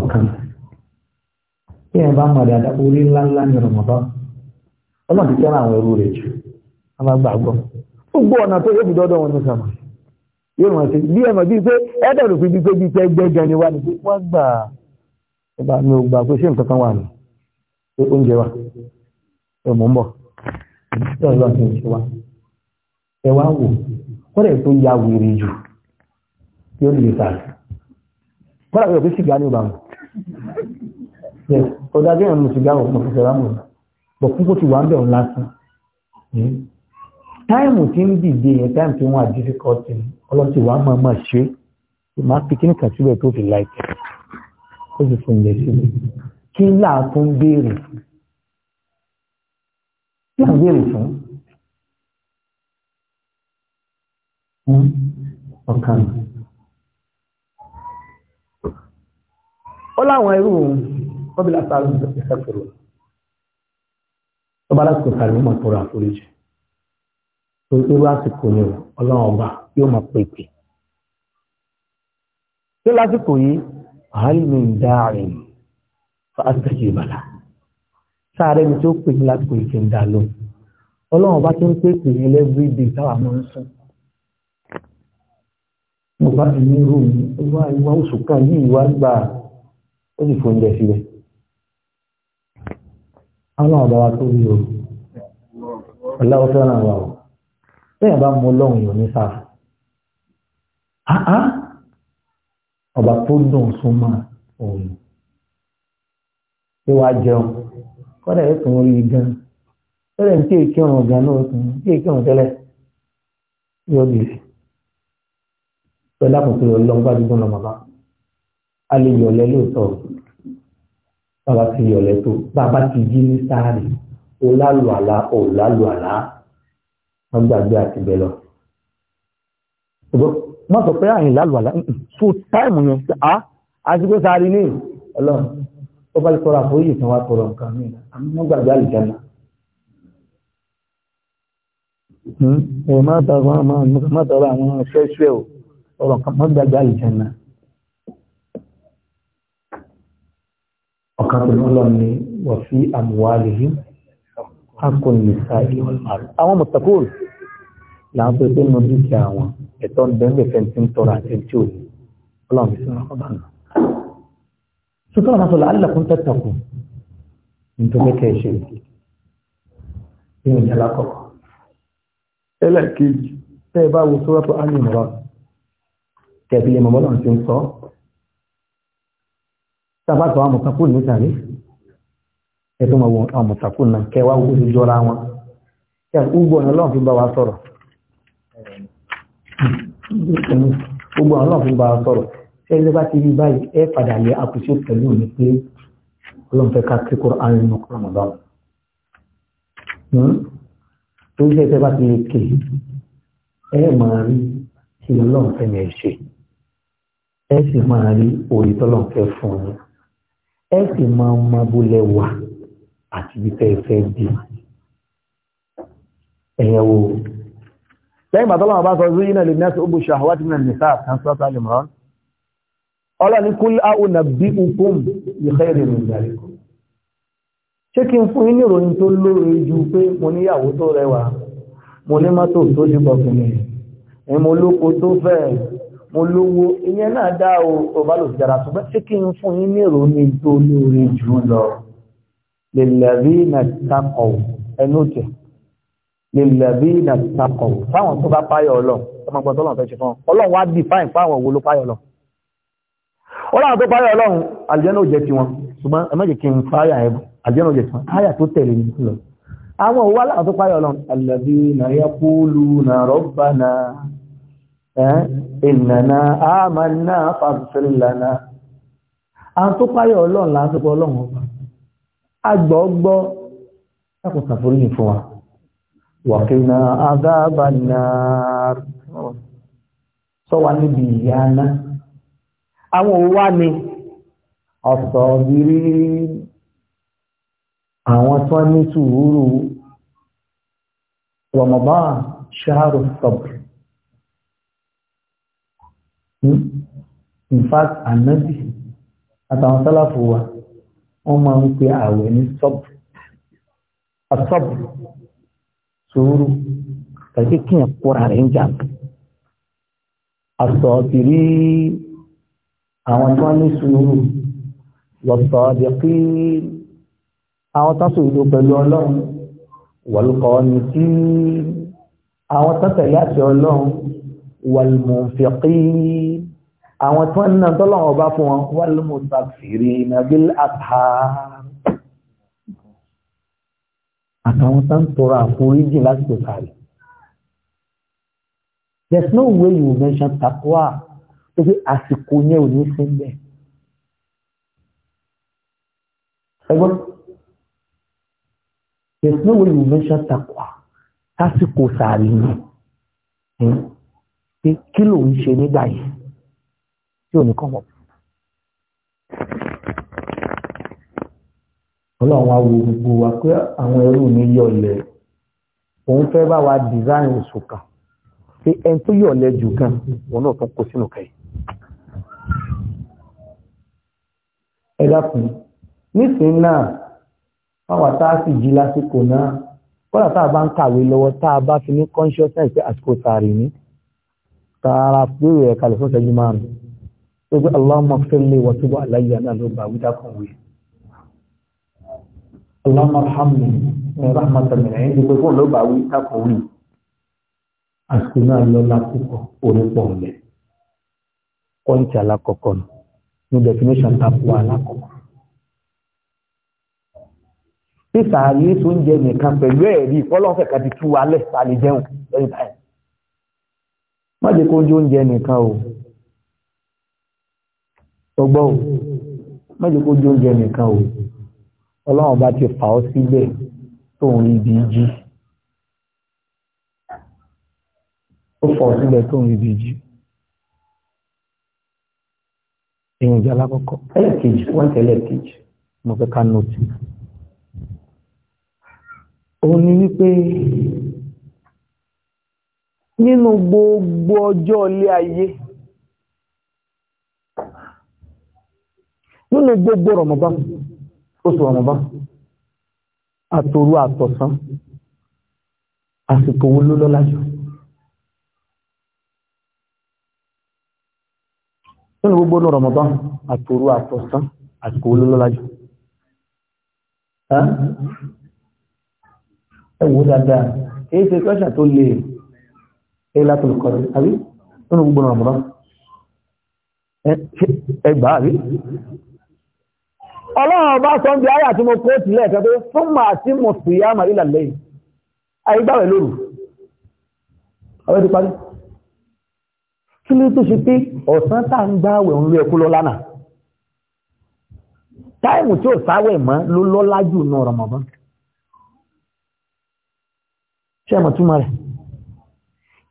ọ̀kan tí ẹ bá mọ̀ dáadáa orí ńláńlá ní Ramadan ọlọ́run ti fẹ́ràn àwọn ẹrú rẹ̀ jù wọ́n bá gbàgbọ́ gbogbo ọ̀nà tó yóò fi dọ́dọ̀ wọn ní sàmà yóò rán sí bí ẹ̀mọ̀ bíi pé ẹ̀dọ̀ rò fi bíi pé bíi pé gbẹ́gẹ́ ni wá ní pé wọ́n gbà ẹ̀ bá mi ò gbà pé ṣé nǹkan kan wà ní. oúnjẹ wa ẹ̀mọ́ ń bọ̀ lọ́ọ̀lọ́ ti ń ṣe wa ẹ wá wò tó ya wèrè jù yóò lè ta kọ́lẹ̀ tó yọ sìgá ní ìbámu ọ̀dà bí ẹ̀mọ́ sìgá wọ̀ bọ̀ púpọ̀ ti wà ń bẹ̀rù lásán táìmù tí ń dìde yẹn táìmù tí wọ́n á dífíkọ́tì kí láàtún béèrè fún kí láà béèrè fún hmm? ọkàn ó láwọn irú ọbílá sáré ìfẹ́fẹ́rọ ọba láti kòtàrí mọ̀ tọrọ àforíjì tó irú àsìkò ni ọlọ́run ọba yóò máa pèpè tí lásìkò yìí àhálìmí dáàrin fàásìtì ìbàlá sáré mi tí ó pè mí lásìkò ìfẹ́ ń dá lóhùn ọlọ́run bá ti ń pè pè mí lẹ́gbẹ́ ìdè táwa máa ń sùn mo bá ti ní irú mi wá ìwà oṣù kan yìí wá gbà ó sì fóúnjẹ sílẹ̀ àwọn ọ̀dọ́ wa tó rí o ọ̀làwọ̀ fẹ́ràn wa o bẹ́ẹ̀ bá mú ọlọ́run yìí ní sáà ọba tó dùn súnmọ́ òun yóò wá jẹun kọ́dà yóò tún rí gan lọ́dẹ̀ ní tí èké ọ̀run gan náà tún tí èké ọ̀run tẹ́lẹ̀ yóò lè fi pẹ̀lú àkókò rẹ̀ lọ́gbà dídùn lọ́mọ bá a lè yọ̀lẹ́ lóòótọ́ bàbá ti yọ̀lẹ́ tó bàbá ti jí ní sáàrì ó lálù àlá ó lálù àlá wọ́n gbàgbé àti bẹ́ẹ̀ lọ. wọ́n sọ pé àyìn lálù àlá so táìmù yẹn á àti pé sáàrì ní ọlọ́run ó bá lè tọrọ àforíjì tí wọ́n tọrọ nǹkan mi àmì wọ́n gbàgbé àlùjáná. Hmm? ẹ má tọrọ àwọn ṣẹ́ṣẹ́ o ọ̀rọ̀ kan wọ́n gbàgbé àlùjáná. ọ̀kan tó lọ́ ni wọ́n fi àmúwálé yìí akọni ìsáyé àwọn mọ̀tàkùrù làwọn tó gbé nínú dúkìá wọn ẹ̀tọ́ ń bẹ́ẹ̀ fẹ́ tí ń tọrọ àti tí ò ní ọlọ́run sọ́tọ́rọ̀ máa sọ làálàkùn tẹ́tàkù nítorí kẹ́ẹ̀ṣe ìrìn ìjàlá kọ̀kọ̀. ẹlẹ́ẹ̀kejì tẹ́ ẹ bá wo sọ́rọ́tọ̀ ánìmọ̀ràn tẹ̀bí ẹmọ bọ́lá ti ń sọ sábàtọ̀ àwọn mùsàkùn ní sàrí ẹ̀tọ́ mọ̀ wọn àwọn mùsàkùn náà kẹwàá owó ti jọra wọn kí àwọn ugbọ̀ ọ̀nà ọlọ́run fi bá wa sọ̀rọ̀ ugbọ̀ ọ̀nà ọlọ́run fi bá wa sọ̀rọ̀ ẹni bá ti rí báyìí ẹ padà yẹ àkùsí pẹ̀lú ní pé ọlọ́run fẹ́ ká kí Kùránì nínú Ramadan tó ṣe ẹgbẹ́ bá ti rí ké ẹ máa rí kí ọlọ́run fẹ́ yẹn ṣe ẹ sì máa rí òye tọ́lọ́run fẹ́ fún yín ẹ sì máa ma bólẹ̀ wà àti ibi tẹ́ ẹ fẹ́ dé ẹ̀yẹ wo lẹ́yìn bàtọ́lọ́run bá sọ sí iná lè ní ẹ̀sìn ó bu ṣàwátì nínú ẹ̀sìn sáà kan sọ́tà lè mọ́ ọ́n ọlọ́ni kúlù áwùnà bí ukùn ìfẹ́rẹ̀ nìgbàríkù ṣé kí n fún yín níròyìn tó lóore ju pé mo níyàwó tó rẹwà mo ní mọ́tò tó ti bọ̀kùnrin ẹ̀ mo lóko tó fẹ́ mo na takọ̀ ẹnu tẹ̀ na takọ̀ fáwọn tó bá páyọ̀ ọlọ́ ọmọ gbọ́dọ̀ ọlọ́run fẹ́ ṣe fún ọ ọlọ́run wá dì fáìn fáwọn òwò ló páyọ̀ ọlọ́run ọlọ́run tó páyà ọlọ́run àlùjànnà ò jẹ́ ti wọn ṣùgbọ́n ẹ kí n fáyà wọn tó tẹ̀lé ní lọ àwọn ọlọ́run alladhina ọlọ́run a, níbi ìyá náà àwọn òwá ni ọ̀sọ̀ gírí àwọn tó ní sùúrù Ramadan ṣáàrù sọ̀bù hmm? in fact ànábì àtàwọn sálàfù wa wọ́n máa ń pe ààwẹ̀ ní sọ̀bù asọ́bù sùúrù kàkí kíyàn rẹ̀ ń jà asọ̀ àwọn tó ní sùúrù lọ́sọ̀ di pé àwọn tó sùúrù pẹ̀lú ọlọ́run wọ̀lùkọ́ ni tí àwọn tó tẹ̀lé àti ọlọ́run wọ̀lùmọ̀fẹ́kì àwọn tó ń náà tọ́lọ́wọ́ bá fún wọn wọ̀lùmọ̀sàfìrì nàbíl àtà àtàwọn tó ń tọrọ àforíjì lásìkò kárì. There's no way you mention takwa tó fi àsìkò yẹn ò ní sí bẹ́ẹ̀. ẹgbọ́n there's no way you mention takwa tásìkò sàárì yẹn hmm? pé kí ló ń ṣe nígbà yẹn tí ò ní kọ́ mọ̀. ọlọ́run wa wo gbogbo wa pé àwọn ẹrú mi yọ̀lẹ̀ òun fẹ́ bá wa design oṣù kan pé ẹni tó yọ̀lẹ̀ jù gan òun náà tún kó sínú kẹ́yìn. ẹ dákun nísìnyí náà fáwọn tá a sì jí lásìkò náà kódà tá a bá ń kàwé lọ́wọ́ tá a bá fi ní consciousness pé àsìkò tààrí ní tààrà péré ẹ̀ka lè fọ́sẹ̀ jù márùn tó gbé Allahumma fẹ́lẹ̀ wọ́n tó bọ́ aláyé náà ló bá wíjà kan wí. Allahumma arhamni ní rahmatan min ẹ̀yìn tó gbé ló bá wíjà kan wí. àsìkò náà lọ lásìkò orí pọ̀ ọ̀lẹ́ kọ́ńtì alákọ̀ọ́kọ́ nù ní definition tapu alákọ̀ọ́. sísà yìí tó ń jẹ nìkan pẹ̀lú ẹ̀rí ìfọlọ́fẹ̀ kan ti tú wa lẹ̀ ta lè jẹun lẹ́yìn báyìí. má jẹ́ kó oúnjẹ oúnjẹ nìkan o ọgbọ́n o má jẹ́ kó oúnjẹ oúnjẹ nìkan o ọlọ́run bá ti fà ọ́ síbẹ̀ tó ń rí ibi jí ó fà síbẹ̀ tó ń rí ibi jí. ìrìnjẹ alákọ̀ọ́kọ́ ẹlẹ́ẹ̀kejì wọ́n tẹ̀lé ẹlẹ́ẹ̀kejì mo fẹ́ ká nọ́ọ̀tì òun ni wípé nínú gbogbo ọjọ́ ilé ayé nínú gbogbo rọ̀mọ̀bá oṣù rọ̀mọ̀bá àtòru àtọ̀sán àsìkò wo ló lọ́lá jù nínú gbogbo ní Ramadan àtòrú àtọ̀sán àsìkò olólọ́lájú ẹwò dáadáa èyí ṣe kọ́ṣà tó lè ẹlá tó lùkọ́ àbí nínú gbogbo ní Ramadan ẹgbà àbí ọlọ́run bá sọ ń bí ayà tí mo kó tìlẹ̀ ẹ̀kẹ́ pé fún màá tí mo fìyà màrí làlẹ́yìn àyígbàwẹ̀ lóru ọ̀rẹ́ ti parí kí ló tó ṣe pé ọ̀sán tá ń gbáwẹ̀ ń lo ẹ̀kú lọ lánàá táìmù tí ò sáwẹ̀ mọ́ ló lọ́lá jù nù Ramadan ṣé mọ̀ túmọ̀ rẹ̀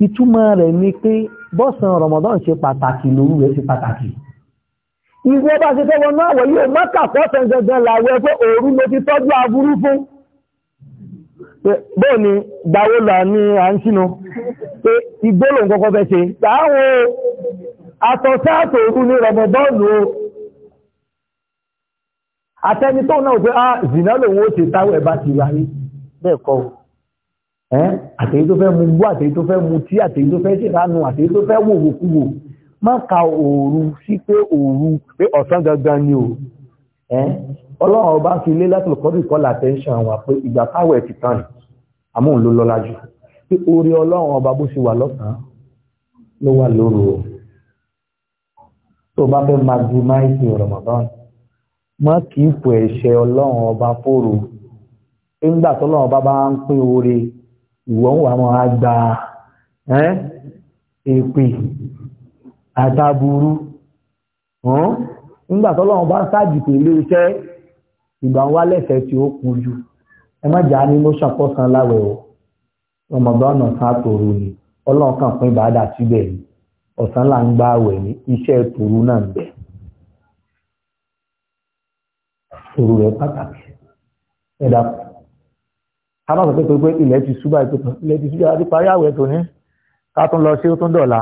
ìtumọ̀ rẹ̀ ni pé bọ́sàn Ramadan ṣe pàtàkì lóru rẹ̀ ṣe pàtàkì ìwé bá ṣe fẹ́ wọn náà wọ̀ yóò mọ́kà pọ́sàn gangan làwẹ̀ pé òru ló ti tọ́jú aburú fún bóò ni gbáwó là ní à ń sínú pé ìgbóòlò kọ́kọ́ fẹ́ ṣe láàwọ̀ àtọ̀sáàtò òru ní rọmọdọ́ọ̀nù o àtẹni tó náà pé á ah, zìnà lòun ó ṣe táwọ̀ ẹ̀ bá ti ráyé bẹ́ẹ̀ kọ́ o àtẹ̀yí tó fẹ́ mu gbó àtẹ̀yí tó fẹ́ mu tí àtẹ̀yí tó fẹ́ ṣèlànà àtẹ̀yí tó fẹ́ wòwòkúwò má ka òru sí pé òru pé ọ̀sán gangan ni o ọlọ́run ọba fi lé láti lọ́kọ́dún kọ́ látẹ́ńṣàn wà pé ìgbà táwẹ̀ ti tán ni àmóhùn ló lọ́lá jù pé orí ọlọ́run ọba bó ṣe wà lọ́sàn-án ló wà lóru o tó bá fẹ́ máa ju máìkì Ramadan má kì í fò ẹ̀ṣẹ̀ ọlọ́run ọba fòrò nígbà tọ́lọ́run ọba bá ń pín oore ìwọ ń wà máa gba èpè àtàbùrú nígbà tó lọ́wọ́ bá ń sáàjì pẹ̀lú iṣẹ́ ìgbà wa lẹ́fẹ̀ẹ́ tí ó kú jù ẹ má jà á ní ló ṣàkóso láwẹ̀ o Ramadan kan tòru ni ọlọ́run kan pín ìbàdà síbẹ̀ ni ọ̀sán là ń gbá àwẹ̀ ní iṣẹ́ tòru náà ń bẹ tòru rẹ̀ pàtàkì ẹ dàpọ̀ ká má sọ pé pé ilẹ̀ ti ṣúbà ilẹ̀ ti ṣúbà ti parí àwẹ̀ tòní ká tún lọ sí ó tún dọ̀la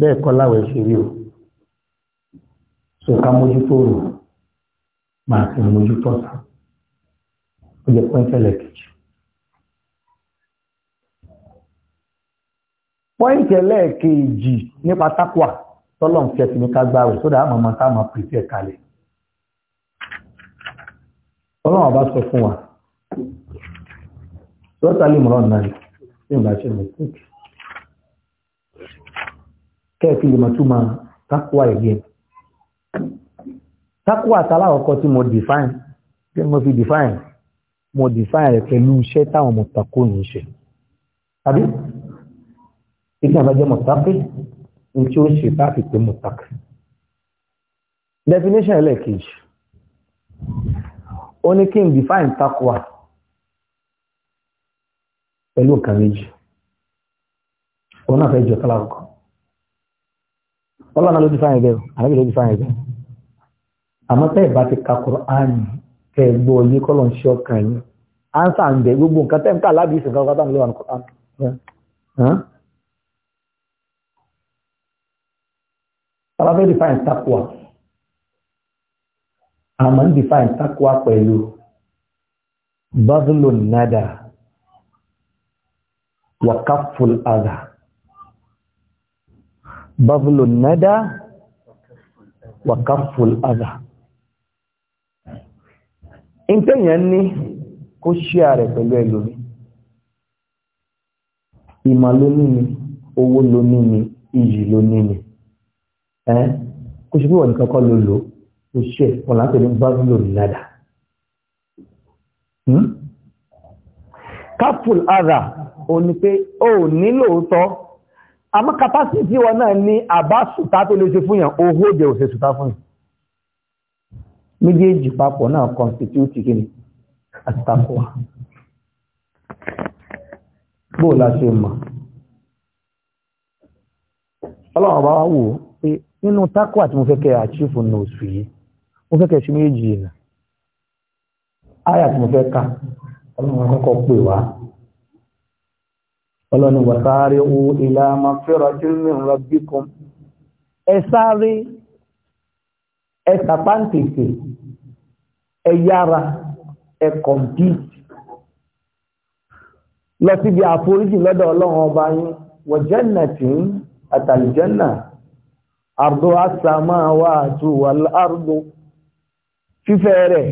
bẹ́ẹ̀ kọ́ láwẹ̀ ṣe rí o so ká mójútó rò máa sì mójútó sá ó jẹ pọ́ńtẹ́lẹ̀ kejì. pọ́ìntì ẹlẹ́ẹ̀kejì nípa tápùà tọ́lọ́n fi ẹ̀sìn ní ká gbáwẹ̀ sódà àmọ́ ọmọ táwọn máa pèsè ẹ̀kalẹ̀. ọlọ́run bá sọ fún wa lọ́tàlí mìíràn náà ní ìgbà ṣe mẹ́tẹ́ẹ̀kì kẹ́ẹ̀kì lè máa túmọ̀ tápùà ẹ̀gẹ́ tákùwà tàlákọ̀ọ́kọ́ tí mo define tí mo fi define mo define rẹ̀ pẹ̀lú iṣẹ́ táwọn mọ̀tàkó ní ṣe tàbí ìgbà àbájẹ́ mọ̀tàkì ní tí ó ṣe bá fi pé mọ̀tàkì definition ẹlẹ́ẹ̀kejì ó ní kí n define tákùwà pẹ̀lú nǹkan méjì òun náà fẹ́ jọ tàlákọ̀ọ́kọ́ ọlọ́run ló define bẹ́ẹ̀ àlejò ló define bẹ́ẹ̀ àmọ́ tẹ́ ẹ̀ bá ti ka Kùránì kẹ́ ẹ̀ gbọ́ yé kọ́lọ̀ ń ṣe ọkàn yín ánsà ń bẹ gbogbo nǹkan tẹ́ ń kà lábì ìsìn kan kátà ń lò wà ní Kùránì. Bàbá fẹ́ define takwa àmọ́ ń define takwa pẹ̀lú bazlun nada bábùlù nẹ́dá wàkàfùl àdá ìtẹ́yàn ní kó ṣíà rẹ̀ pẹ̀lú ẹlòmí ìmọ̀ ni owo lóní ni iyì lóní ni ẹ́ kó ṣe bí wọ́n nìkan kọ́ ló lò ó ṣe wọ́n láti ní bábùlù nẹ́dá kàfùl àdá ó ní pé ó nílò tọ́ àmọ́ capacity wọn náà ní àbá sùtá tó lè ṣe fún yàn owó jẹ́ òṣè sùtá fún yàn méjèèjì papọ̀ náà constitute kí ni àti takuwa bó la ṣe mọ̀ ọlọ́run bá wá wò ó pé nínú takuwa tí mo fẹ́ kẹ́ achieve ní oṣù yìí mo fẹ́ kẹ́ ṣe méjèèjì yìí nà áyà tí mo fẹ́ kà ọlọ́run kọ́kọ́ pè wá ọlọ́ni wàsáàrí ó ilá ma fẹ́rọ tí ń rìn rọ bí kan ẹ sáré ẹ sàpáǹtìtì ẹ yára ẹ kọ̀mpìtì lọ síbi àforíjì lọ́dọ̀ ọlọ́run ọba yín wọ̀jẹ́nà tí ń àtàlìjẹ́nà àrùdó àsàmáwá àti wàlárùdó fífẹ́ rẹ̀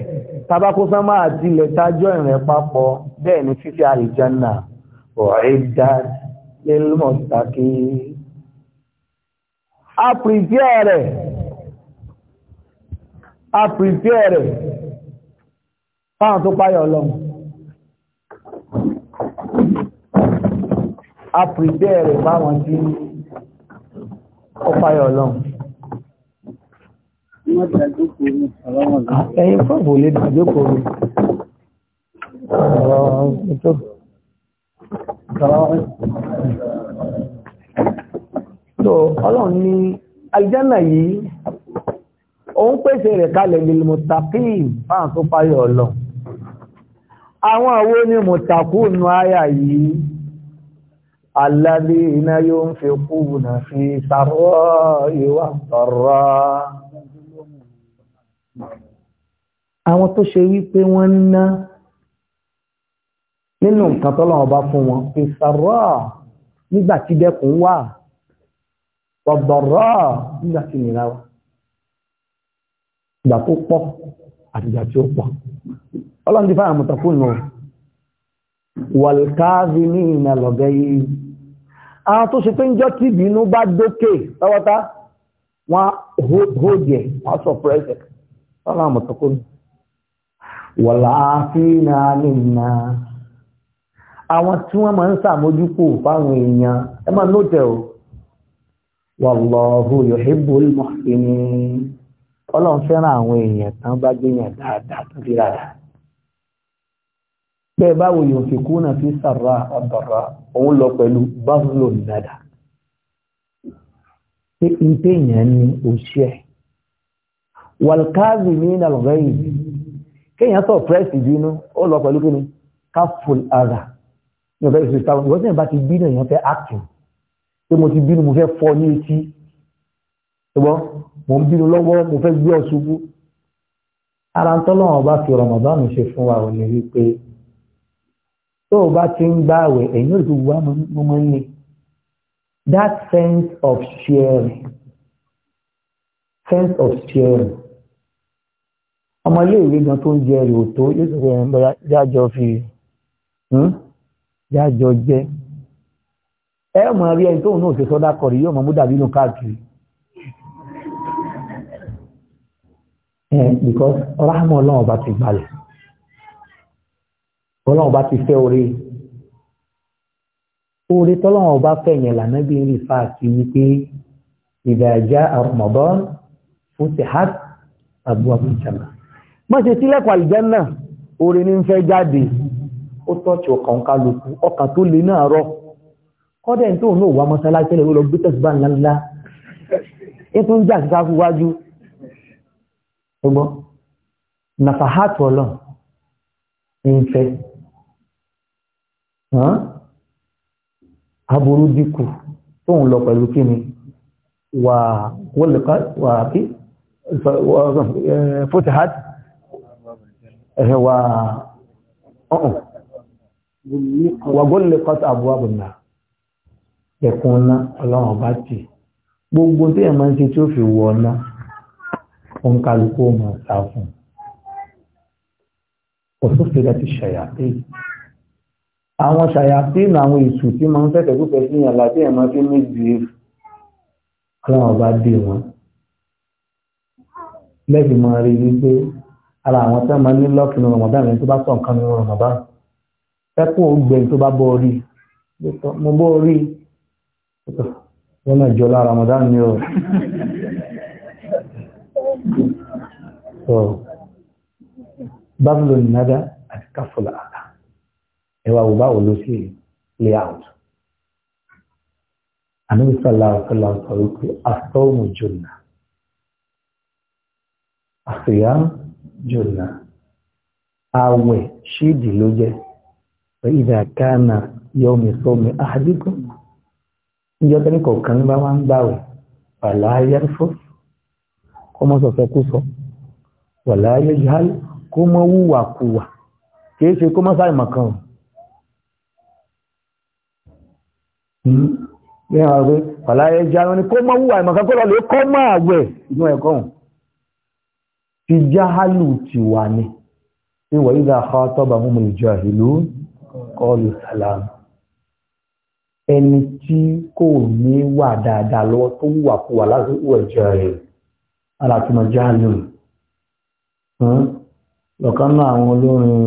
tabakósánmá àti ilẹ̀ tájọ́ ìrìn papọ̀ bẹ́ẹ̀ ni fífẹ́ àlìjẹ́nà ọ̀ẹ́dàd lẹ́lmọ̀tàkì a prepare rẹ̀ a prepare rẹ̀ fáwọn tó páyọ̀ ọlọ́run a prepare rẹ̀ fáwọn tí ó páyọ̀ ọlọ́run Ẹyin fọ́bù lè dàjókòó rẹ̀. Ọ̀rọ̀ ìtòkù so ọlọ́run ní aljanna yìí òun pèsè rẹ̀ kalẹ̀ lil muttaqin fáwọn tó páyọ̀ ọlọ́ àwọn àwo ni muttaqun àyà yìí alladhina yunfiquna fi sarra'i wa dharra'i àwọn tó ṣe wípé wọ́n ń ná nínú nǹkan tọ́lọ́wọ́ bá fún wọn ìsàrọ́ nígbà tí dẹ́kun wà ọ̀bọ̀rọ̀ nígbà tí nìra wà ìgbà tó pọ̀ àti ìgbà tí ó pọ̀ ọlọ́run ti fáwọn àmọ̀tàkùn nù wàlkáàzì ní ìnà lọ́gẹ́ yìí àwọn tó ṣe pé ń jọ́ tí ìbínú bá dókè tọ́wọ́tá wọn hóòjẹ̀ wọn sọ pẹ́sẹ̀ ọlọ́run àmọ̀tàkùn wàlá àfínà nìyà àwọn tí wọ́n máa ń sàmójúkò fáwọn èèyàn ẹ máa lóòtẹ́ o wallahu yuhibbul muhsinin ọlọ́run fẹ́ràn àwọn èèyàn tán bá gbéyàn dáadáa tó fi rárá bẹ́ẹ̀ báwo yunfikuna fi sarra ọ̀dọ̀rà òun lọ pẹ̀lú báfúlò dáadáa pé n téèyàn ní oṣù ẹ̀ walkazimina al-ghayz kéèyàn sọ bínú ó lọ pẹ̀lú kí káfùl àdà ní ọ̀fẹ́ ìṣòro ìta wọ́n bá ti bínú èèyàn fẹ́ acting pé mo ti bínú mo fẹ́ fọ́ ní etí ṣùgbọ́n mo ń bínú lọ́wọ́ mo fẹ́ gbé ọ̀ṣubú ara tọ́lọ́wọ́n bá fi Ramadan ṣe fún wa ò ní rí pé tó o bá ti ń gbààwẹ̀ ẹ̀yìn òdìbò wa mo máa ń ní that sense of sharing sense of sharing ọmọ ilé ìwé gan tó ń jẹ èrè òtó yóò sọ pé ẹ̀ ń bọ́ yájọ́ fi. Hmm? jájọ jẹ ẹ mọ̀ rí ẹni tóun náà ṣe sọ́dá kọ̀rí yóò mọ̀ mú dàbí inú káàkiri because rahman ọlọ́run ọba ti gbalẹ̀ ọlọ́run ọba ti fẹ́ orí orí tọ́lọ́run ọba fẹ́ yẹn lànà bí ń rí fáàkì wípé ìdàjá Ramadan futihat abwaab al-jannah má ṣe sílẹ̀kùn àlìjẹ́ náà orí ní ń fẹ́ jáde ó tọ́ọ̀tì ọkàn kálukú ọkàn tó le náà rọ kọ́dẹ̀ tó ń wà mọ́sálásí tẹ́lẹ̀ ó lọ gbé tẹ̀síbá ńláńlá ètò ń jà sí sáfù wájú ṣùgbọ́n nàfàhátù ọlọ́ ìfẹ́ aburú dínkù tó ń lọ pẹ̀lú kí ni wà wọ́lẹ̀ká wà kí fótìhátì ẹ̀hẹ̀ wà ọ̀hún wàgọ́lẹ̀kọ́t àbúwàbùnà ẹ̀kún ná ọlọ́run bá tì gbogbo tí ẹ̀ máa ń ṣe tí ó fi wọ ọ̀nà òun kálukú ọmọ ọ̀sá fún ọ̀tún fẹ́rẹ́ ti ṣàyàtì àwọn ṣàyàtì ní àwọn èṣù tí máa ń fẹ́fẹ́ púpẹ́ sí yàn láti ẹ̀ máa fi ní ju ọlọ́run bá dé wọn lẹ́sìn máa rí wípé ara àwọn tí wọ́n máa ní lọ́ọ̀kì ní Ramadan ẹni tó bá sọ nǹkan nínú Ramadan ẹkùn ògbẹ̀yìn tó bá bọ́ orí mo bọ́ orí wọ́n náà jọ lára Ramadan ni ọ̀ bábùlò nìyàdá àti káfọ́lá àdá ẹwà wò báwo ló sì layout ànábi sallallahu sallallahu wípé asọ́ọ̀mù jùnà àṣìyá jùnà àwẹ̀ ṣídì ló jẹ́ فإذا كان يوم صوم أحدكم يوم كان بوان باوي فلا يرفض كما سوسكوسو ولا يجهل كما وواكوا kìí ṣe kó má sáì mọ̀ kan hmm? bí wọ́n wọ́n pé pàláyé já wọn ni kó mọ́ wúwà ìmọ̀kan kó lọ́lẹ̀ kó mọ́ àwẹ̀ kọ́ọ̀lù sàlámù ẹni tí kò ní wà dáadáa lọ́wọ́ tó wà kó wà lásìkò ẹ̀jẹ̀ rẹ̀ alátùmọ̀ jáàlù lọ́kàn hmm? náà àwọn olórin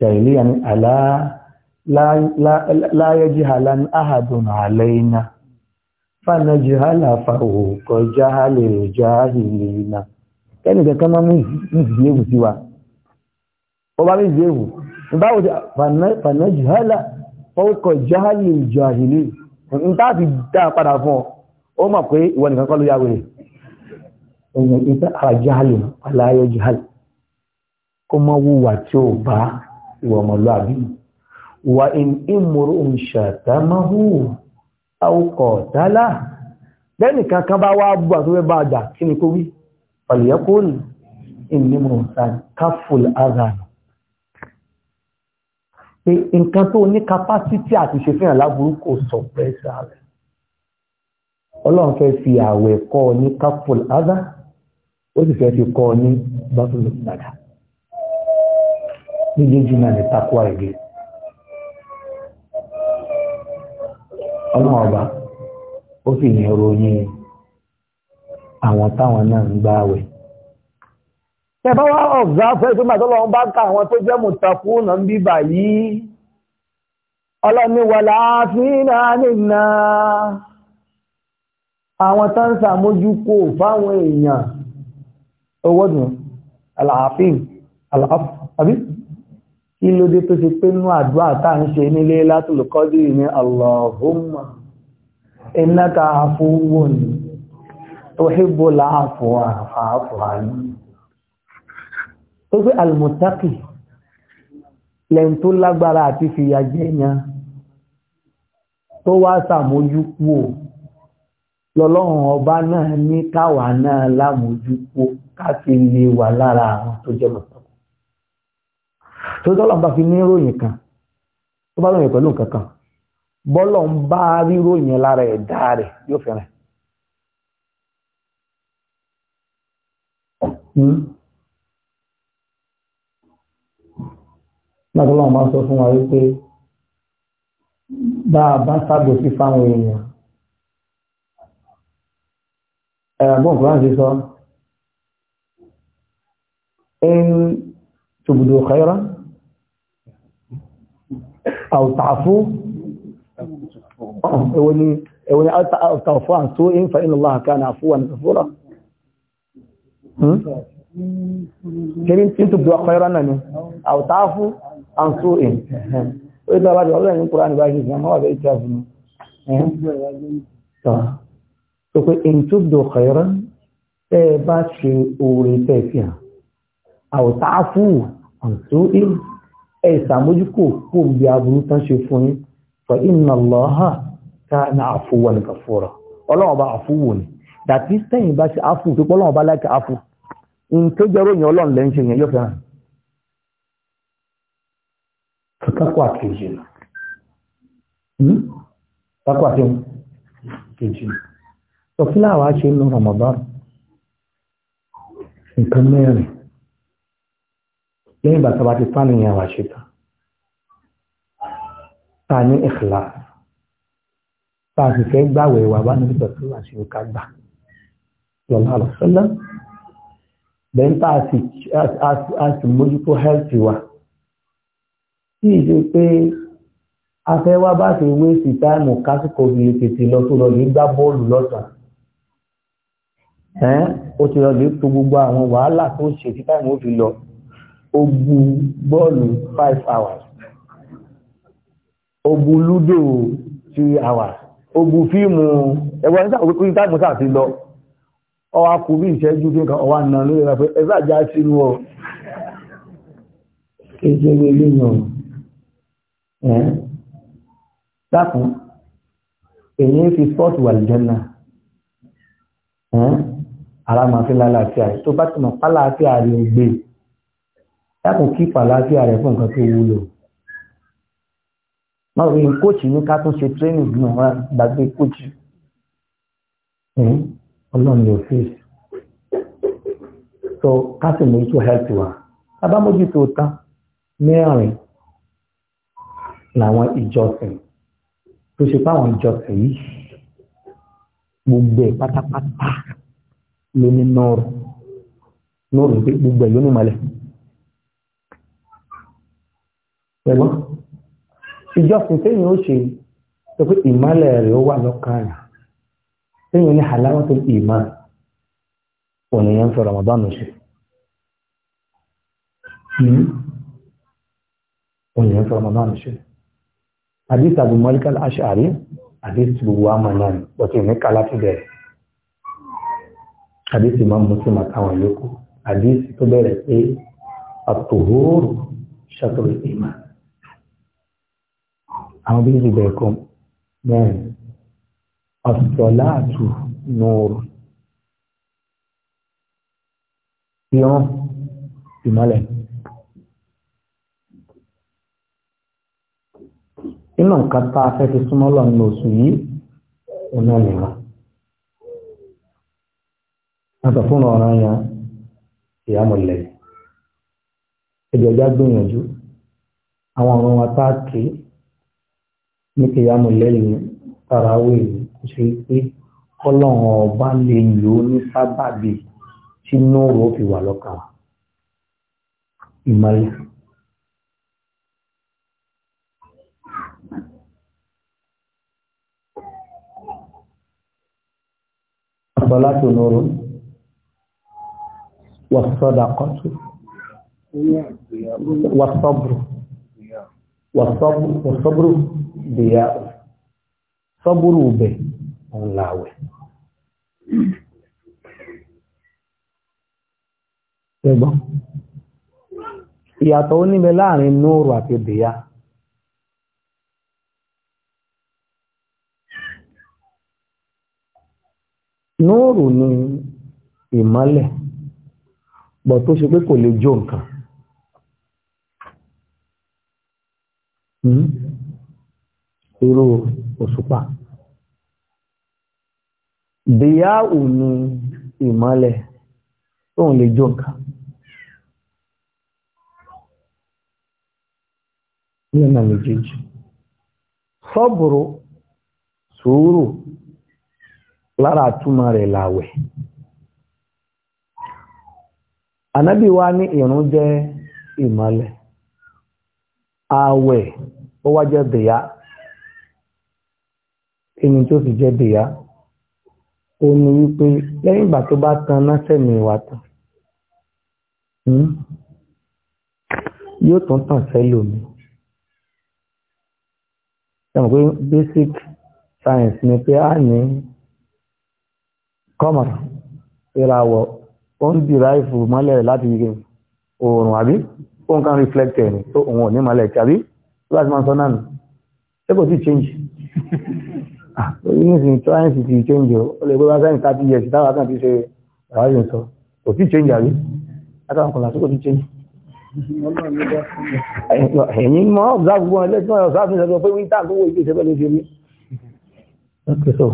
jàìlíyà ní àlá láyẹ́jì àlá ní àhàdùn àlẹ́ iná fánàjì àlàfà òkò jáàlè jáàlè iná kẹ́nìkẹ́kẹ́ máa mú ìdíyèwù báwo ti fànà jùhálà ọkọ̀ jáhálì jùhálì ní tàbí dá padà fún ọ ma pé ìwọ nìkan kọ́ ló yá wèrè ẹ̀yìn ìta ara jáhálì aláyọ jùhálì kó mọ́ wúwà tí ó bá ìwọ ọmọlúàbí wà in ìmúrò ń ṣàtàmáhù àwùkọ̀ tálà lẹ́nì kankan bá wá bú pé nǹkan tó ní capacity àti ṣe fihàn láburú kò sọ pẹ́sà rẹ̀ ọlọ́run fẹ́ fi àwẹ̀ kọ́ ọ ní kápọ̀l ádá ó sì fẹ́ fi kọ́ ọ ní bátúlù padà méjèèjì náà ní takwa èdè ọlọ́run ọba ó fi ìyẹn ròyìn àwọn táwọn náà ń gbá àwẹ̀ tẹ̀bá wá ọ̀gá fẹ́ tó máa tọ́lọ́run bá ká àwọn tó jẹ́ mùtàkùnà ń bíbà yìí ọlọ́niwà láàfínà nìna àwọn tó ń sàmójúkò fáwọn èèyàn owó dùn àlàáfíìn àbí kí ló dé tó ṣe pé nú àdúrà tá ń ṣe nílé látòlùkọ́dì ní Allahumma innaka afuwun tuhibbul afwa fa'fu anni tó gbé almutaki lẹ́yìn tó lágbára àti fìyà jẹ́yàn tó wá sàmójúkúò lọ́lọ́run ọba náà ní káwa náà lámójúkúò káfí lè wà lára àwọn tó jẹ́ mọ̀tọ́kù tó tọ́lọ̀ bá fi ní kan tó bá ròyìn pẹ̀lú nǹkan kan bọ́lọ̀ ń bá ríròyìn lára ẹ̀dá rẹ̀ yóò fẹ́ràn. látọ́lọ́wọ́ máa sọ fún wa wípé bá a bá sábò sí fáwọn èèyàn ẹ̀rọ̀gbọ́n kúrò àti sọ in tubdu khayran aw ta'fu ẹ̀wọ̀n ni aw ta'fu an su'in fa inna Allaha kana afuwan ghafura hmm? kẹrin tí tubdu khayran náà ni aw àǹsó ìn ó yẹ bá ti ọlọ́run ní kúrò àníbá yìí ṣe máa wà bẹ́ẹ̀ tí a fún un. tọ́ tó pé ìtúbdò khairan tẹ́ ẹ bá ṣe oore tẹ́ fi hàn àwòtá fún àǹsó ìn ẹ̀ ṣàmójúkò kó ń bí aburú tán ṣe fún yín fa inna Allaha kana afuwan kafura ọlọ́run bá àfúwò ni dàtí sẹ́yìn bá ṣe àfù tó pọ́ ọlọ́run bá láìka àfù ní tó jẹ́ ròyìn ọlọ́run lẹ́ ṣe yẹn yóò fẹ́ràn kákọ́ àkejì nù hmm? kákọ́ àkejì nù sọ kí láwa ṣe ń lo Ramadan nǹkan mẹ́rin lẹ́yìn bàtà bá ti pànìyàn wà ṣe tán ta ní ikhlas ta sì fẹ́ gbàwẹ̀ wà bá níbi tọ̀tún àti òkà gbà lọ́la àlọ́sọ́lá bẹ́ẹ̀ ta sì mójútó health wa tí ìṣe pé afẹ́ wá bá ṣe wé sí táìmù kásìkò bí tètè lọ tó lọ lè gbá bọ́ọ̀lù lọ́sàn ẹ́n ó ti lọ lè to gbogbo àwọn wàhálà tó ṣe tí táìmù ó fi lọ ó bu bọ́ọ̀lù five hours ó bu lúdò three hours ó bu fíìmù ẹ̀wọ̀n nígbà wípé táìmù sáà ti lọ ọwá kú bí ìṣẹ́jú tí nǹkan ọwá nà lórí ẹ̀fẹ́ ẹ̀fẹ́ àjá sínú ọ̀ kéjẹ́ ilé yàn dákun èyí ń fi spọ́ọ̀tù wà lìjọ́nà ara máa fi lálàáfíà rẹ̀ tó bá ti mọ̀ pálàáfíà rẹ̀ ò gbé dákun kí pàlàáfíà rẹ̀ fún nǹkan tó wúlò máa rí kóòtù ní ká tún ṣe tírénì bí wọn gbàgbé kóòtù ọlọ́run yóò fèsì so ká sì mú ètò health wa tábàmójútó tán mẹ́rin làwọn ìjọsìn tó ṣe fáwọn ìjọsìn yìí gbogbo ẹ̀ pátápátá ló ní nọ́ọ̀rù nọ́ọ̀rù pé gbogbo ẹ̀ ló ní mọ́lẹ̀. pẹ̀lú ìjọsìn téèyàn ó ṣe sọ pé ìmọ́lẹ̀ rẹ̀ ó wà lọ́kàn rẹ̀ téèyàn ní halawatul iman ònìyàn ń fi Ramadan ṣe hmm? ònìyàn ń fi Ramadan ṣe hadith abu malik al-ash'ari hadith tí gbogbo wa mọ̀ náà ni pọ̀tí ní kala ti bẹ̀rẹ̀ hadith imam muslim àtàwọn yòókù hadith tó bẹ̀rẹ̀ pé àtòhóró ṣàtò ìmà àwọn bí ìgbà ẹ̀kọ́ mẹ́rin ọ̀sọ̀láàtù nùrù ìran ìmọ́lẹ̀. nínú nǹkan tá a fẹ́ fi súnmọ́ lọ́nà oṣù yìí ọ̀nà mìíràn látọ̀ fún ọ̀ràn yẹn ìyàmọ̀lẹ̀ ẹ̀dẹ̀ ọjà gbìyànjú àwọn ọ̀ràn wa tá a kì í ní kí ìyàmọ̀lẹ̀ yìí tarawé yìí kò ṣe pé ọlọ́run ọba lè lò ó ní sábàbí tí nóòrò fi wà lọ́kàn wa as-salatu nurun was-sadaqatu was-sabru was-sabru dìyà sọ́bùrù bẹ̀ ọ̀làwẹ̀ ẹgbọ́n ìyàtọ̀ oníbẹ̀ láàrin nóòrò àti dìyà nóòrù ni ìmọ́lẹ̀ bọ̀ tó ṣe pé kò lè jó nǹkan hmm? irú òṣùpá bíyáwù ni ìmọ́lẹ̀ tóun lè jó nǹkan ní ọ̀nà méjèèjì sọ́bùrù sùúrù lára túnmà rẹ̀ làwẹ̀. Ànábì wá ní ìrún jẹ́ ìmọ́lẹ̀. Àwẹ̀ ó wá jẹ́ dìyá. Èyí tó fi jẹ́ dìyá. Ó ní wípé lẹ́yìn ìgbà tó bá tan mi wa tán. Hmm, yóò tún tàn sẹ́lòmí. Ṣé mo pé basic science ni pé a ní kọ́mọ̀ ìràwọ̀ ó ń dìráìfù mọ́lẹ̀ láti oòrùn àbí ó ń kàn reflector ni tó òun ò ní mọ́lẹ̀ tí àbí tó láti máa sọ náà nù ṣé kò tí change ah, nísìnyí science ti change ó lè gbọ́dọ̀ science thirty years táwọn akàn ti ṣe ìràwọ̀ yìí sọ kò tí change àbí látàwọn kan láti kò tí change. ẹ̀yin mọ́ ọ̀gá gbogbo ẹlẹ́sìn ọ̀sán àfihàn sọ pé wíńtà tó ìgbésẹ̀ bẹ́ẹ̀ ló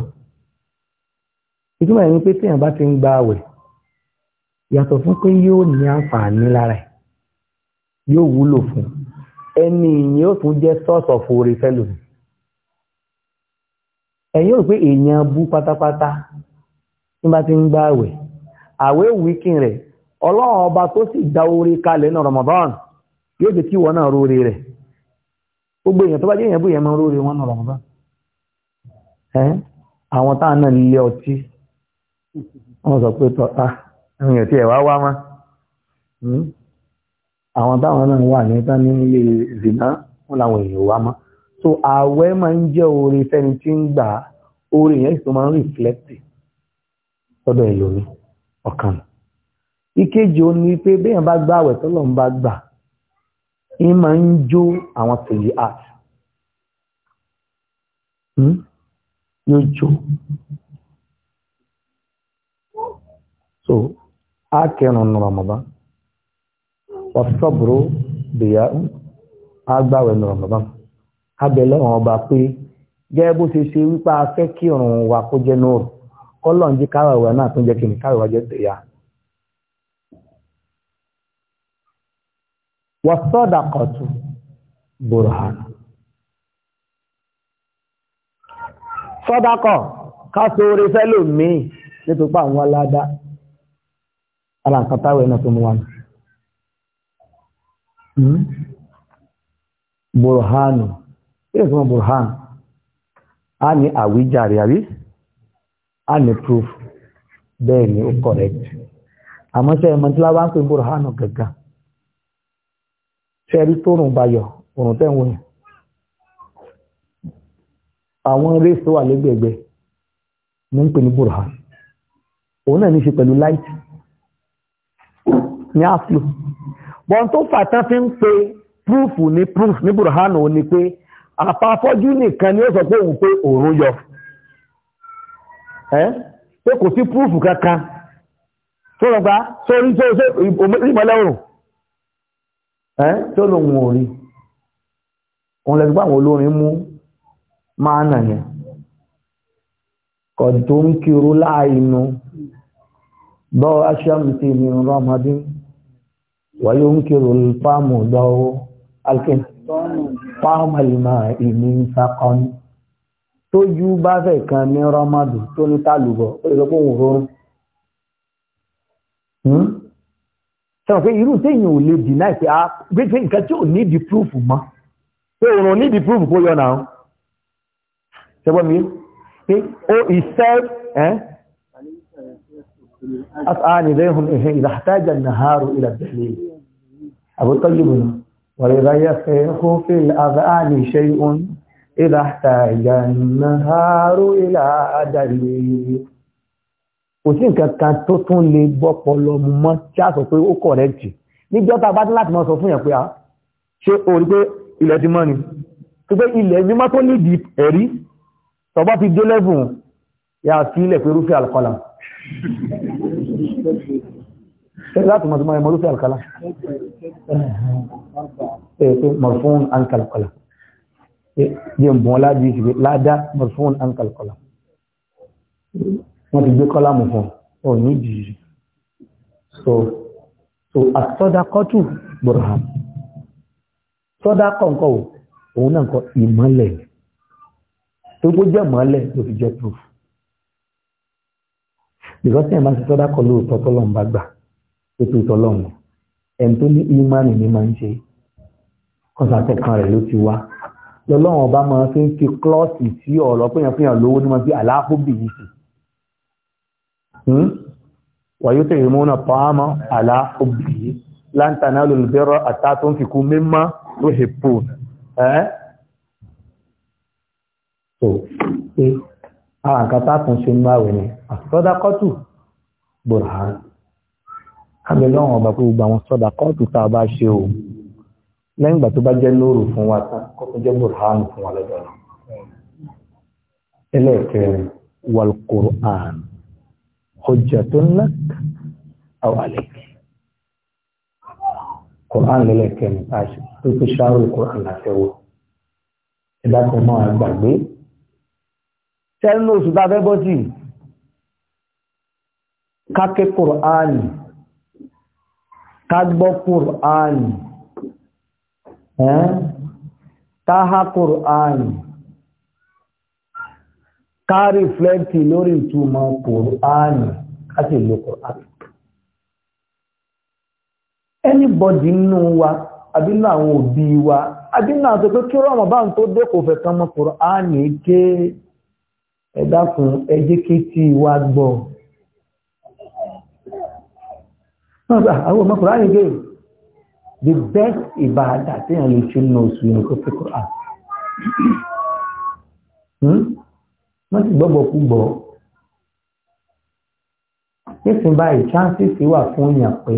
ìtumọ̀ ẹni pé téèyàn bá ti ń gba àwẹ̀ yàtọ̀ fún pé yóò ní àǹfààní lára ẹ̀ yóò wúlò fún ẹni ìyẹn ó tún jẹ́ source of oore fẹ́lò ẹ̀yìn ò pé èèyàn bú pátápátá tí bá ti gba àwẹ̀ àwẹ̀ wíkìn rẹ̀ wọ́n sọ pé tọ́ ah àwọn èèyàn wá má hmm? àwọn táwọn náà wà ní ní ilé zina so awe máa ń jẹ́ oore fẹ́ni tí ń gbà oore yẹn tó máa ń ọ̀kan ìkejì ó ní pé bá àwẹ̀ tọ́lọ̀ ń bá art hmm? yóò so a kẹrùn ní Ramadan ọ̀sọ́bùrú bìyà á gbàwẹ̀ ní Ramadan abẹ́lẹ́ wọn ọba pé gẹ́gẹ́ bó ṣe ṣe wípé a fẹ́ kírun wa kó jẹ́ nóòrù kọ́lọ̀ ń jí káwàwà náà tó jẹ́ kí jẹ́ tẹ̀yà wọ́sọ́dà kọ̀tù sọ́dà kọ̀ ká sóore ala nǹkan táwọn ẹ̀nà tó mú wa nù. Hmm? burhanu kí ló mọ̀ burhanu a ní àwíjàre àbí proof bẹ́ẹ̀ ni ó correct àmọ́ ṣe ẹ̀mọ́ tí lábá ń pè burhanu gàgàn ṣe rí tóòrùn bá yọ òrùn tẹ́wọ̀n yẹn àwọn rays tó wà lẹ́gbẹ̀ẹ́gbẹ́ ní ń pè ní òun náà ní ṣe pẹ̀lú light ní aslu bọ́n tó fàtán fi ń pe prúfù ní prúfù ní burhanu ni pé àpapọ̀jú nìkan ni ó sọ pé òun pé òun yọ ẹ́ pé kò sí prúfù kankan tó rọgbá sórí tó ṣe ìmọ̀lẹ́ òrùn ẹ́ tó lòun ò rí òun lẹ́gbẹ́ pé àwọn olórin mú máa nà yẹn kọ̀dùn kiri láàyè nu bọ́ aṣáàmùtì mi rọ́mọdún. وينكر الفم له الكن فم الماء من سقم tójú bá fẹ́ kan ní rọ́mọdù tó ní tàlùbọ̀ ó lè sọ pé òun rọrùn sẹ́wọ̀n hmm? pé irú téèyàn ò lè dìná ìpẹ́ a gbégbé nǹkan tí ò ní di proof mọ́ pé òun ò ní di proof kó yọ náà ṣẹgbọ́n mi pé ó ìṣẹ́ ẹ́ أسعاني بينهم إذا احتاج النهار إلى الدليل أبو طيب وإذا يصيح في الأذان شيء إذا احتاج النهار إلى أدلي kò sí nǹkan kan tó tún lè gbọ́pọ̀ lọ mú mọ́ tí a sọ pé ó kọ̀rẹ́ẹ̀tì níjọ́ tá a bá dé láti máa sọ fún yẹn pé a ah, ṣe orí pé ilẹ̀ ti mọ́ ni tó pé ilẹ̀ mímọ́ tó nídìí ẹ̀rí tọ́bọ́ ti dé lẹ́bùn yà sílẹ̀ pé rúfẹ́ àlùkọ́là láti mọ̀tí mọ̀ lókè alkala ẹ̀ẹ́kẹ́ marfún an kalkala yẹn bọ́n láàájú ìṣẹ́gbẹ́ ládá marfún an kalkala wọ́n ti gbé kọ́lá mú fún ọ ní jìrì so so àtọ́dákọ́tù burhan tọ́dákọ́ nǹkan òun náà kọ ìmọ́lẹ̀ tó gbó jẹ́ mọ́lẹ̀ proof because ẹ̀ máa ti tọ́dákọ́ lóòótọ́ tọ́lọ́ ń ètò ìtọ́lọ́run ẹni tó ní ìmánì ni máa ń ṣe kọ́sàtẹ̀ kan rẹ̀ ló ti wá lọ́lọ́run ọba máa fi ń fi klọ́ọ̀sì sí ọ̀rọ̀ péyànpéyàn lówó ní máa fi àlàáfó bìyì sí wàyó tẹ̀lé mọ́nà pàámọ́ àlàáfó bìyì láǹtàná lòlùbẹ́rọ̀ àtà tó ń fi kú mímọ́ ló ṣe pò ẹ́ so pé àwọn àkàtà tún ṣe ń máa wẹ̀ ní àsọdá kọ́tù kábẹ̀ lọ́wọ́n ọba pé gbogbo àwọn sọ́dà kọ́ọ̀tù tá a bá ṣe o lẹ́yìn ìgbà tó bá jẹ́ lóru fún wa tán kó tó jẹ́ burhan fún wa lọ́dọ̀ náà. ẹlẹ́ẹ̀kẹrin walquran hujjatun lak aw alayk. quran lẹ́lẹ́kẹrin tá a ṣe tó fi ṣáàrù quran láti ẹ̀dá kan máa gbàgbé. sẹ́yìn lóṣù tá fẹ́ bọ́ sí kákẹ́ quran. ka gbọ kuru anya ịn ha kuru anya ka riflẹkti lori ntu ma kuru anya ka ha si n'okpuru aka kuru anybodi nnụnụ wa abi n'awọn obi wa abi n'azụta oke nkiri ọmụba nke ode ofekanwụ kuru anya ike ịdakwuo ejikiti wagbọ. àwọn ọmọ kùránì gé the best ìbáadà tí èèyàn lè ṣe nínú oṣù yẹn kó fi kùrán hmm? wọ́n ti gbọ́bọ̀ kú gbọ́ nísìn báyìí chances wà fún èèyàn pé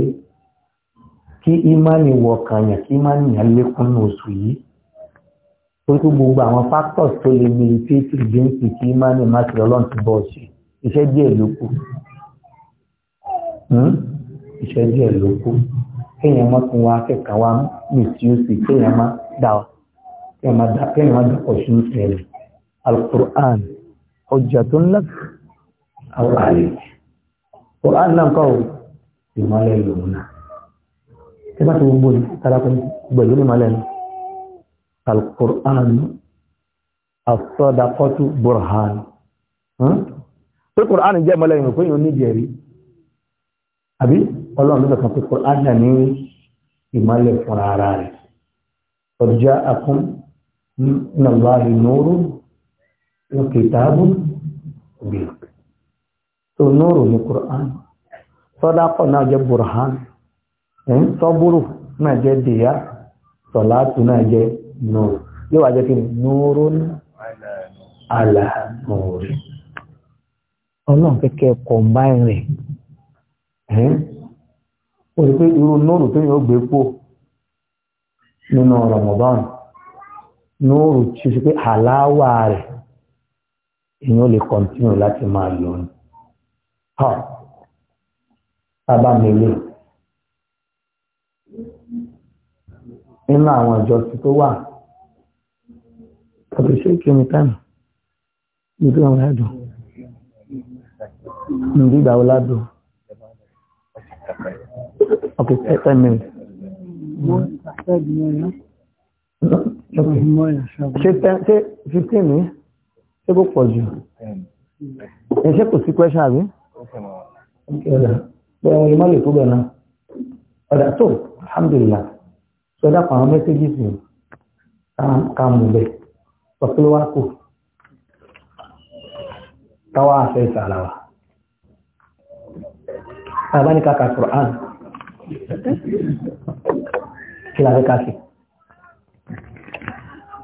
kí imani wọ kànyàn kí imani yẹn lékún ní oṣù yìí torí pé gbogbo àwọn factors tó lè mi tí tí gbèǹsì kí imani má ti ọlọ́run ti bọ̀ ṣe iṣẹ́ díẹ̀ ló kù. Hmm? ìṣẹ́jú ẹ̀ ló kú kéèyàn má tún wá kẹ́kàá wá mí tí ó sì kéèyàn má dà kéèyàn má dàpọ̀ sí ìṣẹ̀lẹ̀ alukur'an ọjà tó ńlá àwọn àlè kur'an náà kọ́ ìmọ̀lẹ̀ lòun náà ẹ bá ti gbogbo ní gbẹ̀lú ní ìmọ̀lẹ̀ alukur'an asọ́dakọ́tù burhan pé kur'an jẹ́ ìmọ̀lẹ̀ yìí kò yóò ní jẹ̀rí àbí ọlọ́run nígbà kan pípọ̀ ádà ní ìmọ̀lẹ̀ fúnra ara rẹ̀ ọjà àkún nàlá ìnúró wọn kì í táàbù bì tó núró ní Qur'an sọdákọ̀ náà jẹ́ burhan ẹ̀ń sọ́búrù náà jẹ́ dìyà sọ̀láàtù náà jẹ́ núró yóò wá jẹ́ kí núró àlà núró ọlọ́run kẹ́kẹ́ kọ̀ọ̀bá rẹ̀ ó rí pé irú nóòrù tó yóò gbé pò nínú Ramadan nóòrù tí ó ṣe pé àláwà rẹ̀ èèyàn lè kọ̀ntínú láti máa lò ní. Bàbá mi lè nínú àwọn ìjọsìn tó wà tàbí ṣé kí omi táìmù nítorí àwọn ẹ̀dùn nígbà wo ládùn. Okay, eh, ten minutes. Mm-hmm. Ṣé ṣé fifteen ni? Ṣé kò pọ̀ jù? Ẹ eh, ṣé kò sí question àbí? Bẹ́ẹ̀ wọ́n lè má lè tó bẹ̀ náà. Ọ̀dà tó, alhamdulillah, ṣọ́dá pa àwọn mẹ́sẹ́gì sí ká mú bẹ̀. Ọ̀pẹ́lẹ́ wá kù. Táwa àfẹ́ ìsàlà wa. Tàbá ní ká ka Quran. kí la fẹ́ ká sí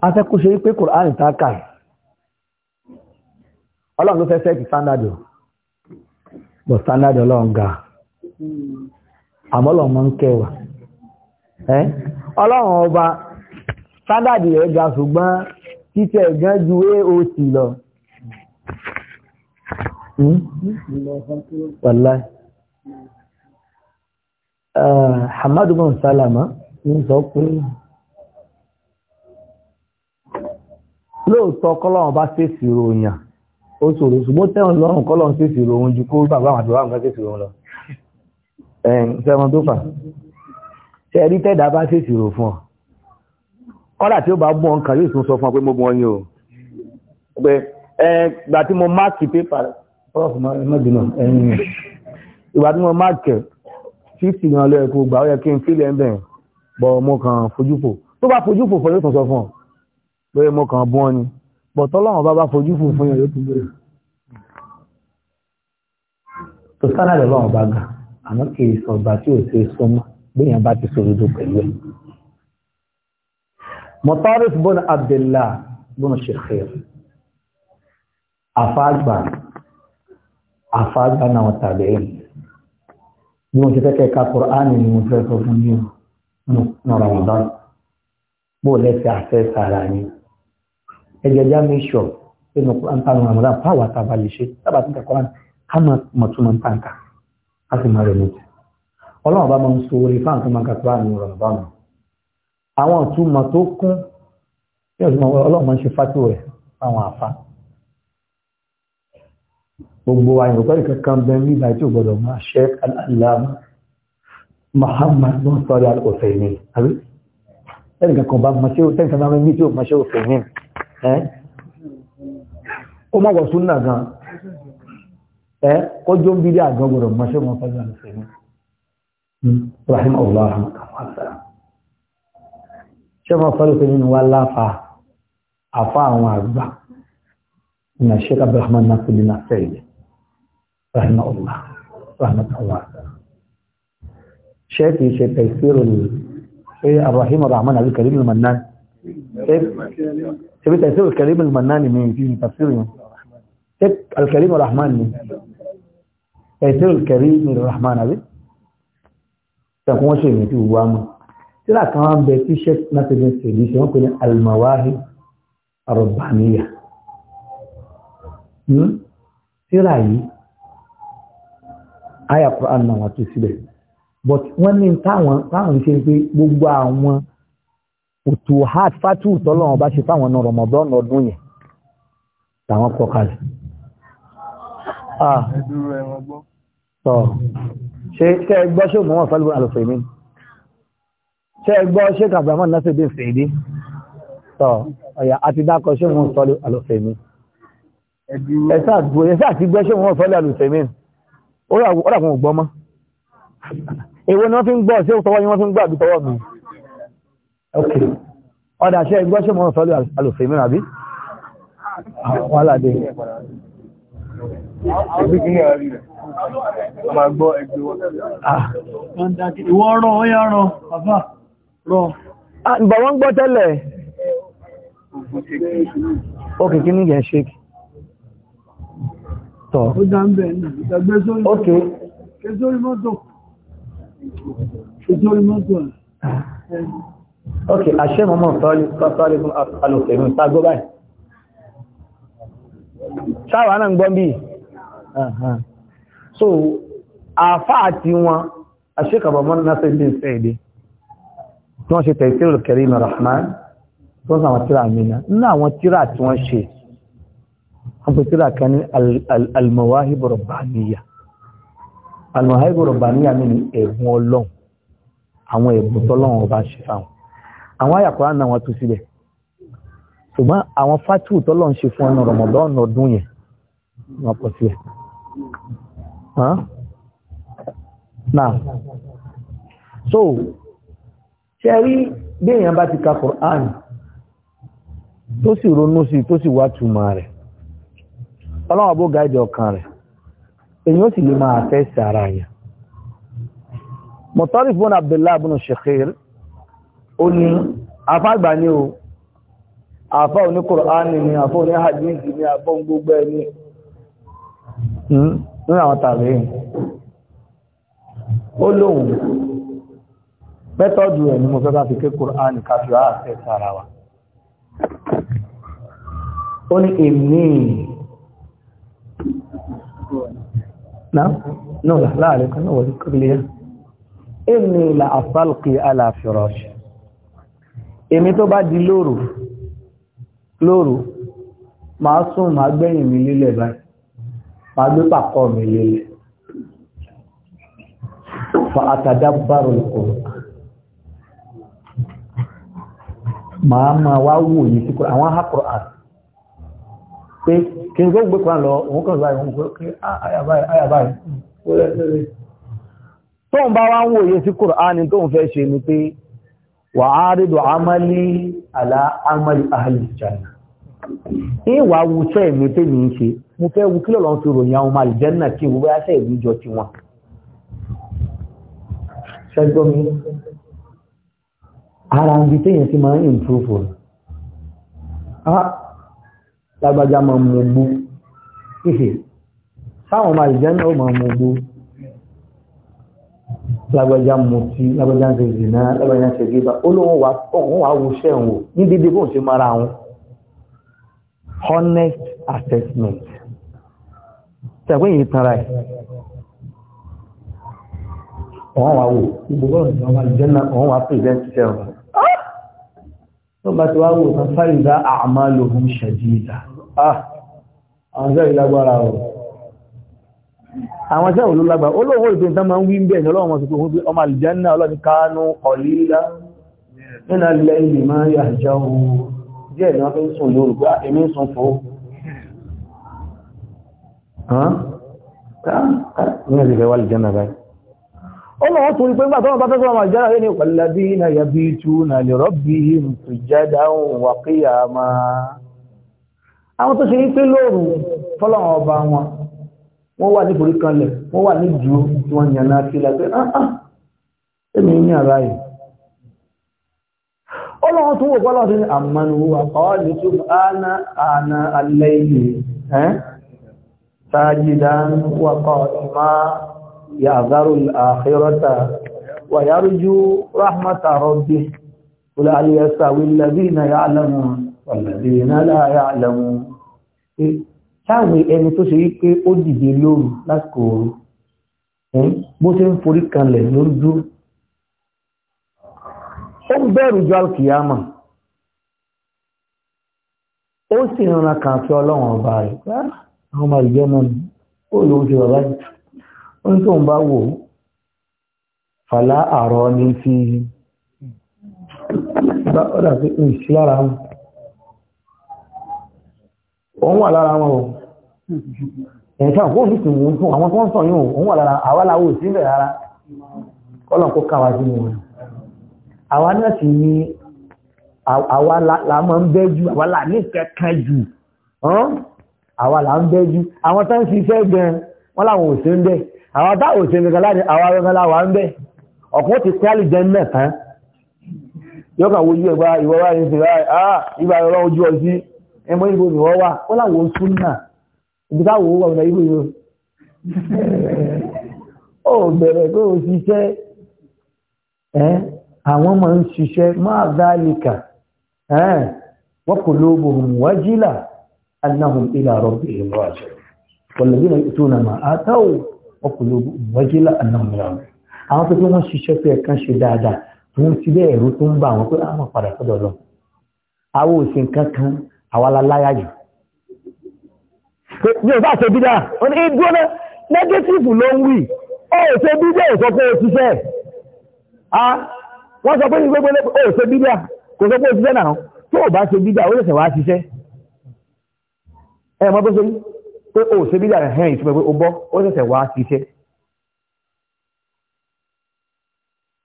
a fẹ́ kó ṣe wípé tá ga àmọ́ mọ́ ń kẹwàá ẹ́ ọlọ́run ọba sándàdì rẹ̀ ga ṣùgbọ́n títẹ̀ gan ju aoc lọ hmm? Eh, Hamadu bin Salama ń sọ pé lóòótọ́ kọ́lọ́run bá ṣèṣì ròyìn ó ṣòro ṣùgbọ́n tẹ́wọ̀n lọ́rùn kọ́lọ́run ṣèṣì ròyìn ju kó bàbá àwọn àdúrà nǹkan ṣèṣì ròyìn lọ. Eh, ṣẹ́wọ̀n tó fà ṣe rí tẹ́dà bá ṣèṣì rò fún ọ. kọ́là tí ó bá bú ọkàn yóò tún sọ fún ọ pé mo bú ọyìn o. pé ìgbà tí mo máàkì pépà ìgbà tí mo fífì gan lọ ẹ̀kọ́ gbà ó yẹ kí n fílẹ̀ ń bẹ̀ bọ̀ mo kàn fojúfò tó bá fojúfò fún yóò tún sọ fún ọ lóye mo kàn bọ́ ni bọ̀ tọ́lọ́wọ́n bá bá fojúfò fún yóò tún bẹ̀rẹ̀ tó sára rẹ̀ lọ́wọ́n bá ga àmọ́ kì í sọ ọba tí ò ṣe sọ mọ́ gbéyàn bá ti sòrodo pẹ̀lú ẹ̀ mọ̀tárif bọ́n abdullah bọ́n ṣèkìr àfáàgbà àfáàgbà náà tàbí ẹ̀yìn bí wọ́n ti fẹ́ kẹ́ka Kùránì ni mo fẹ́ sọ fún yín nù Ramadan bó o lẹ́sẹ̀ àfẹ́ sàrà yín ẹ̀jẹ̀ já mi sọ nínú pàǹtà Ramadan fáwọn àtàbà lè ṣe sábà tí kàkọ́ láti ká mọ̀ mọ̀túnmọ̀ pàǹkà á sì máa rẹ̀ mọ̀tún ọlọ́run bá máa ń so orí fáwọn tó máa ń ka Kùránì ní Ramadan àwọn ìtumọ̀ tó kún bí ọlọ́run máa ń ṣe fátó fáwọn àfa gbogbo àyàn pẹ́lú kankan bẹ nígbà tí ó gbọdọ̀ máa Sheikh al-Allama Muhammad bin Salih al-Uthaymeen àbí ẹni kankan bá máa ṣe ó tẹ́nìkan bá ní tí ó máa ṣe Uthaymeen ẹ́ ó mọ̀gbọ̀ súnà gan ẹ́ kọjọ́ ń bídí àgbọn gbọdọ̀ máa ṣe wọn Salih al-Uthaymeen hmm. rahim allah ṣe wọn Salih al-Uthaymeen láfa àfa àwọn àgbà ìnà Sheikh Abdulrahman Nasir rahimahullah Allah, ṣé kìí ṣe tẹ̀síìrò ní ṣe abrahim rahman àbí karim al-mannan ṣe bí tẹ̀síìrò karim al-mannan ni mi fi tẹ̀síìrò al-karim al-rahman ni tẹ̀síìrò karim al-rahman àbí ṣẹkùn wọ́n ṣe ìrìn tí Sila kawan tí láàkan wọn bẹ tí ṣe láti bí ṣe bí ṣe Sila pè àyà Quran náà wọ́n tó síbẹ̀ but wọ́n ní táwọn táwọn ṣe pé gbogbo àwọn òtò hard fatu tọ́lọ́wọ́n bá ṣe fáwọn ọ̀nà Ramadan ọdún yẹn táwọn kọ kalẹ̀. ṣe ṣe gbọ́ ṣé òmùwọ̀n àfẹ́lú àlùfẹ́ mi ṣe gbọ́ ṣé kàbàmọ́ náà ṣe dé fèdí tọ́ ọ̀yà àti dákọ̀ ṣé òmùwọ̀n sọ́lé àlùfẹ́ mi ẹ̀sà àti gbọ́ ṣé òmùwọ̀n sọ́lé àlùfẹ́ mi ọ̀rà fún ògbọ́mọ́ èwo ni wọ́n fi ń gbọ́ sí òtọwọ́ yí wọ́n fi ń gbà bí tọwọ́ mi ok ọ̀dà ṣe ìgbọ́ ṣe mọ́ sọ́lú alòfin mìíràn bí wọ́n láde ìgbà wọ́n gbọ́ tẹ́lẹ̀ ok kí ní yẹn ṣe kí tọ́ ó dá ń bẹ̀ ní ìdàgbẹ́ sórí mọ́tò ké sórí mọ́tò ké sórí mọ́tò ok àṣẹ mọ́mọ́ sọ́ọ́lì fún alòkèrè ń sáàgó báyìí sáwà náà ń gbọ́n bí so àfáà tí wọn àṣẹ kàbọ̀mọ́ náà sẹ́yìn sẹ́yìn tí wọ́n ṣe tẹ̀sílù kẹrin rahman tó ń sàwọn tíra mi náà nínú àwọn tíra tí wọ́n ṣe wọ́n pè tíra kan ní almawahibu rabbaniya almawahibu rabbaniya mi ni ẹ̀bùn ọlọ́run àwọn ẹ̀bùn tọ́lọ́run ọba ṣe fáwọn àwọn àyàkọ́rá náà wọ́n tún síbẹ̀ ṣùgbọ́n àwọn fátìwù tọ́lọ́run ṣe fún ọ̀nà rọ̀mọ̀dọ́ọ̀nà ọdún yẹn wọ́n pọ̀ síbẹ̀ náà so ṣe rí bí èèyàn bá ti ka Qur'an tó sì ronú sí tó sì wá túmọ̀ rẹ̀ ọlọ́wọ́n bó gáìdì ọkàn rẹ̀ èyí ó sì lè máa fẹ́ sí ara yẹn mọ̀tọ́rìfù ní abdullahi ibn shekhir ó ní afágbà ní o àfá òní kùránì ni àfá òní hadithi ni àfá òní gbogbo ẹni hmm? nínú àwọn tàbí نعم نولى لا عليك نولى قبلية إني لأطلقي على فراشي èmi tó bá di lóru lóru màá sùn màá gbẹ̀yìn mi lélẹ̀ báyìí pé kí n tó gbé kan lọ òun kàn báyìí òun pé àyà ah, báyìí tóun bá wá ń wòye sí kùránì tóun fẹ́ ṣe ni pé wà á rídò amálí àlá amálí àhàlìjánà ìwà wùsẹ́ mi tẹ́ mi ń ṣe mo fẹ́ wù kílọ̀ lọ́n ti ròyìn àwọn àlìjánà kí wọ́n bá sẹ́ẹ̀ níjọ ti wọn ṣẹ́gbọ́ mi ara ń lágbájá máa mú gbó ìfẹ́ sáwọn ọmọ àìjẹ́ náà máa mú gbó lágbájá mú tí lágbájá ń ṣe ìrìnà lágbájá ń ṣe gíga olóhùn wà ọ̀hún wà wo ṣẹ́ òun ní dídí bóun ṣe mara wọn honest assessment ṣàgbé yìí tanra ẹ̀ ọ̀hún wà wò gbogbo ọ̀hún àìjẹ́ náà ọ̀hún wà present ṣẹ́ òun ah! tó bá ti wá wò tán fáyìí dá àmàlòhùn ṣẹ̀dí ìdá ah àwọn sẹ́rì lágbára ọ̀ àwọn sẹ́rì ló lágbára olóòwò ìpín tán máa ń wí ń bẹ̀ẹ̀ ọlọ́wọ́ wọn sọ pé ọmọ àlìjánà ọlọ́ni kánú ọ̀lílá nínú alẹ́ ilẹ̀ máa yà já ohun díẹ̀ ni wọ́n fi ń sùn lóru pé ah, èmi ń sùn fò olóòwò tó rí pé nígbà tó àwọn tó ṣe wípé lóòrù fọ́lọ̀wọ̀n ọba wọn wọ́n wà níborí kanlẹ̀ wọ́n wà ní jù tí wọ́n yàn náà sí lápẹ́ ẹ̀mí ah, ah, ní ara yìí ọlọ́run tó wò bọ́lọ́ sí àmàlù àpáwàlì tó àánà àánà alẹ́ ilẹ̀ ẹ́ sáàjìdá wàkọ̀ ìmá yàzárò àkírọ́ta wàyárújú ráhmátà rọ́bí wùlá alẹ́sàwí lẹ́bí na yà pé sáwọn ẹni tó ṣe wípé ó dìde lóru lásìkò ooru bó ṣe ń forí kanlẹ̀ ló ń dúró ó bẹ̀rù ju alkiyama ó sì rànra kàn fi ọlọ́run ọba rẹ̀ àwọn ọmọ ìjẹ́ náà ni ó lóun ṣe bàbá yìí ó ní tóun bá wò ó fàlà àrọ ni fi ọ̀dà pé ń wọn òun wà lára wọn o ẹ̀ẹ̀kẹ́ òkú òun sì wù ú fún àwọn tó ń sọ yóò òun wà lára àwa làwọ̀ síbẹ̀ rárá kọ́lọ̀ kó káwa sí wọn àwa náà sì ni àwa la máa ń bẹ́ jù àwa là ní kankan jù àwa là ń bẹ́ jù àwọn tó ń ṣiṣẹ́ gan wọ́n làwọn ò sí ń bẹ́ àwọn tá ò sí nìkan láti àwa gangan làwa ń bẹ́ ọ̀pọ̀ ti kálí jẹ́ náà tán yọ́kàn wojú ẹ̀gbá ìwọ́ra yìí ti ah, rà á ìgbà ìrọ̀ ojú ọ̀sí ẹmọ ìbò ni wọ́n wà ó láwọn oṣù náà ibi táwọn owó ọ̀nà ìbò yóò ó bẹ̀rẹ̀ pé ó ṣiṣẹ́ ẹ́ àwọn máa ń ṣiṣẹ́ máa dálìkà ẹ́ wọ́n kò lóògbò wájílà annahum ila àwọn tó wọ́n ṣiṣẹ́ pé kan ṣe dáadáa wọ́n ti bẹ́ẹ̀ tó ń bá wọn pé àwọn padà sọ́dọ̀ lọ àwọn òsìn kankan àwàláláyà jù bí o bá ṣe bídá o ní ìgbóná nẹ́gẹ́tífù ló ń wí o ò ṣe bídá ò pé o ṣiṣẹ́ a wọ́n sọ pé ìgbógbó o ò ṣe bídá kò sọ pé o ṣiṣẹ́ náà tó o bá ṣe bídá o lẹ́sẹ̀ wá ṣiṣẹ́ ẹ mọ́ tó ṣe pé o ṣe bídá rẹ̀ hẹ́n ìtumọ̀ pé o bọ́ o lẹ́sẹ̀ wá ṣiṣẹ́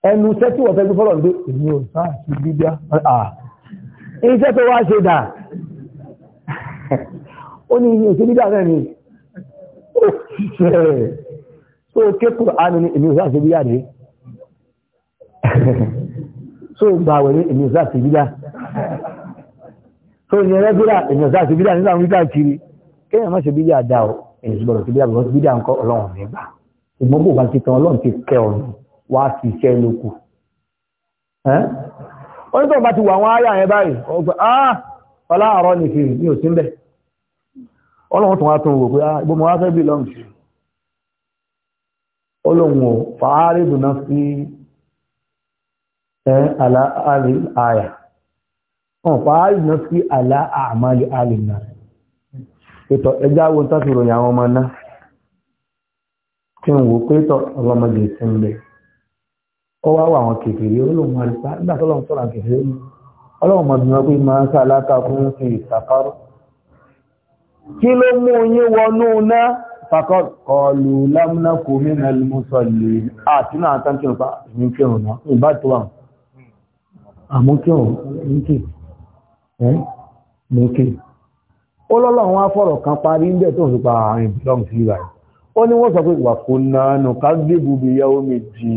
ẹnu iṣẹ́ tí wọ́n fẹ́ gbé fọ́lọ̀ ń gbé èmi ò sáà ṣe bídá iṣẹ́ tó wá ṣe dáa ó ní ìyí òṣèlú dà náà ni ó ṣiṣẹ́ rẹ̀ so kékùn ánì ní èmi òṣèlú àṣebíyà rẹ̀ so gbàwẹ̀ ní èmi òṣèlú àṣebíyà so ìyẹn rẹ́gbẹ́rà èmi òṣèlú àṣebíyà nígbà wíjà kiri kéèyàn má ṣe bíyà dá o èyí sì gbọdọ̀ sí bíyà bíyà bíyà ńkọ́ ọlọ́run nígbà ṣùgbọ́n bó bá ti tan ọlọ́run ti kẹ́ ọ̀run wá sí iṣẹ́ lókù wọ́n ní tó bá ti wà àwọn áyà yẹn báyìí ọgbà ah ọlá àárọ̀ nìkiri mi ò sí ń bẹ́ẹ̀ ọlọ́run tó wá tó wò pé ah, ibo mo wá fẹ́ bí lọ́nà sí ọlọ́run ò fàárì dùnà sí ẹ aláàrí àyà wọn fàárì dùnà sí aláàmàlì àlìmà ètò ẹjá wo tó ti ròyìn àwọn ọmọ náà tí ń wò pé tọ ọlọ́mọdé ìsinmi kọ́ wá wà àwọn kékeré ọlọ́run àlùfáà nígbà tó lọ́run sọ̀rọ̀ kékeré ọlọ́run mọ̀ bí wọ́n pé máa ń sá aláta fún ìsàkárọ̀ kí ló mú yín wọnú náà fàkọ́ kọlù lámúnákò mínà mùsọ̀lì àti náà tán kí ọ̀pá ní kí ọ̀nà ìbá tó wà àmú kí ọ̀n ní kí ẹ́ ní kí ó lọ́lọ́ wọn afọ́rọ̀ kan parí ń bẹ̀ tó fi pa àárín bílọ́ọ̀mù sí ìgbà ó ní wọ́n sọ pé wà kó náà nù ká gbébù bí yẹ omi jì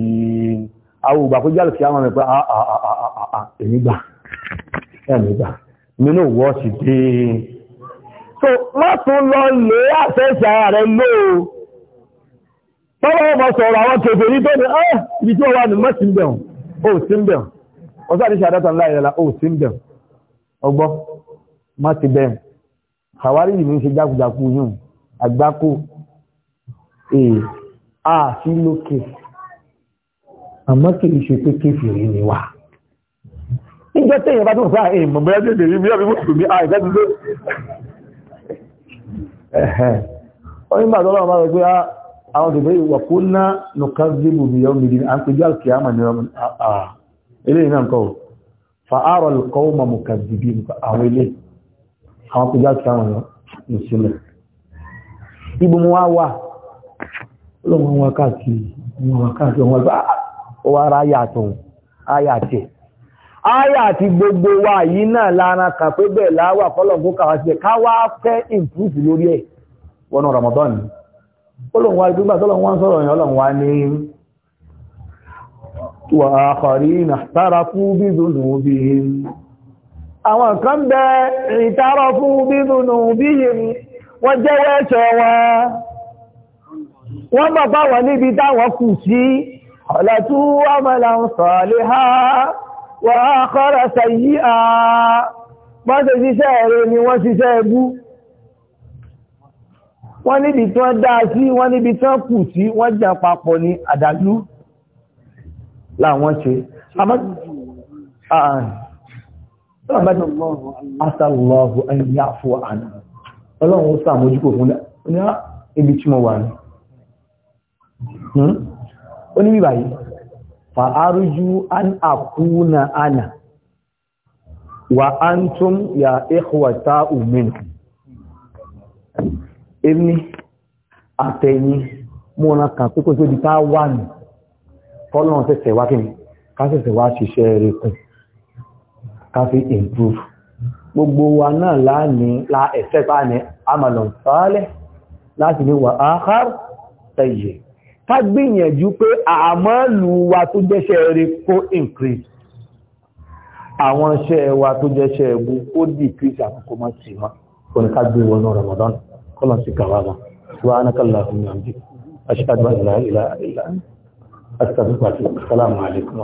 àwọn ògbà kó jálù kí àwọn ọmọ ẹ̀pẹ́ àà èmi gbà ẹ̀mí gbà mi náà wọ́ so má tún lọ lè àfẹ́sẹ̀ ara rẹ̀ lóò tọ́wọ́ ọmọ sọ̀rọ̀ àwọn kèfè ní tó ní ọ́ ah, ibi tí wọ́n wà ní mọ́sí mbẹ̀ ò sí mbẹ̀ ọ̀sá ní ṣàdátà láìrẹ̀lá ò sí mbẹ̀ ọgbọ́ má ti bẹ̀ àwárí yìí ní ṣe jákujàku yìí àgbákò èè àfi lókè àmọ́ kì í rí ni wà níjọ́ tẹ̀yìn bá tó ah, ń ẹ̀hẹ́n onígbàtọ́ ọlọ́run bá rẹ̀ pé a òṣèlú ìwọ̀kú ná nùkàzíbù bí yọ́ mìírí à ń pè jẹ́ alkiyama ní ọmọ ilé iná nǹkan ma mùkàzíbì àwọn ilé a pè jẹ́ alkiyama ní sílẹ̀ ibu ọ Aya àti gbogbo wa yìí náà lára kà pé bẹ́ẹ̀ láwà fọ́lọ̀ fún kàwà sí ká wá fẹ́ improve lórí ẹ̀ wọnà Ramadan ni. Ọlọ́run wa gbígbà tọ́lọ̀ wọ́n sọ̀rọ̀ yẹn Ọlọ́run wa ní wà àkọ̀rí nàtàrà fún bídùnú bí i. Àwọn kan bẹ ìtàrọ fún bídùnú bí i wọ́n jẹ́wọ́ ẹ̀ṣẹ̀ wọn. Wọ́n bàbá wọn níbi táwọn kù sí ọ̀lẹ́tú ń sọ̀lẹ́ ha wà á kọ́rà sàyí àá bá ẹ̀rẹ́ ni wọ́n ṣiṣẹ́ ẹbú wọ́n níbi tí wọ́n dáa sí wọ́n níbi tí wọ́n kù sí wọ́n jà papọ̀ ní àdájú láwọn ṣe Asàlọ́hu ẹni àfò àná. Ọlọ́run ó sàmójúkò fún ní ah, fa'arju an akuna ana wa antum ya ikhwata umin ibni àtẹ̀yìn múra kan tó kó tó di táa wà ní kọ́lọ̀ sẹ́sẹ̀ wá kí ni ká sẹ́sẹ̀ wá ṣiṣẹ́ improve gbogbo wa náà láàní la ẹ̀fẹ́ bá ní amalon sọ́ọ́lẹ̀ láti ní wà áhàr tẹ̀yẹ̀ ká gbìyànjú pé àmọ́lù wa tó jẹ́ṣẹ́ rẹ̀ kó increase àwọn iṣẹ́ wa tó jẹ́ṣẹ́ ẹ̀bú kó decrease àwọn kó mọ́ sí ma kò ní ká gbé wọnú Ramadan kọ́lọ̀ sí kàwàbà subhanaka Allahumma ashhadu an la ilaha illa anta astaghfiruka assalamu alaikum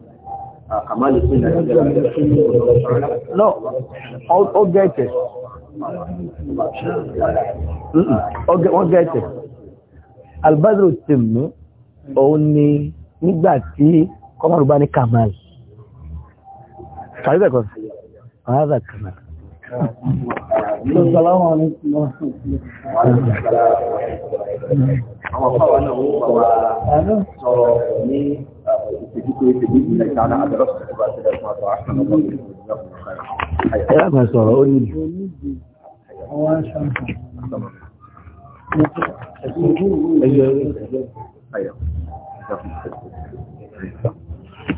Kamal is in No, all, all get it. Mm -mm. All get, all get it. Albadru Timnu, òun ni nígbà tí Kọ́mọ̀rù bá ní Kamal. Kàrí sí, ọ̀hádà Kamal. Assalamu alaikum wa rahmatullahi Àwọn ọ̀pá náà ó wà wá sọ̀rọ̀ ní ìṣèjúkú ìṣèjúkú ìṣèjúkú àwọn àdọ́rọ̀sọ̀ tó bá ti lẹ́kùn àtọ̀ àṣà lọ́wọ́ ìṣèjúkú. Ẹ̀rọ àgbà sọ̀rọ̀ ó ní jù. Àwọn àṣà ń sọ̀rọ̀. Ẹ̀yọ̀ ẹ̀yọ̀.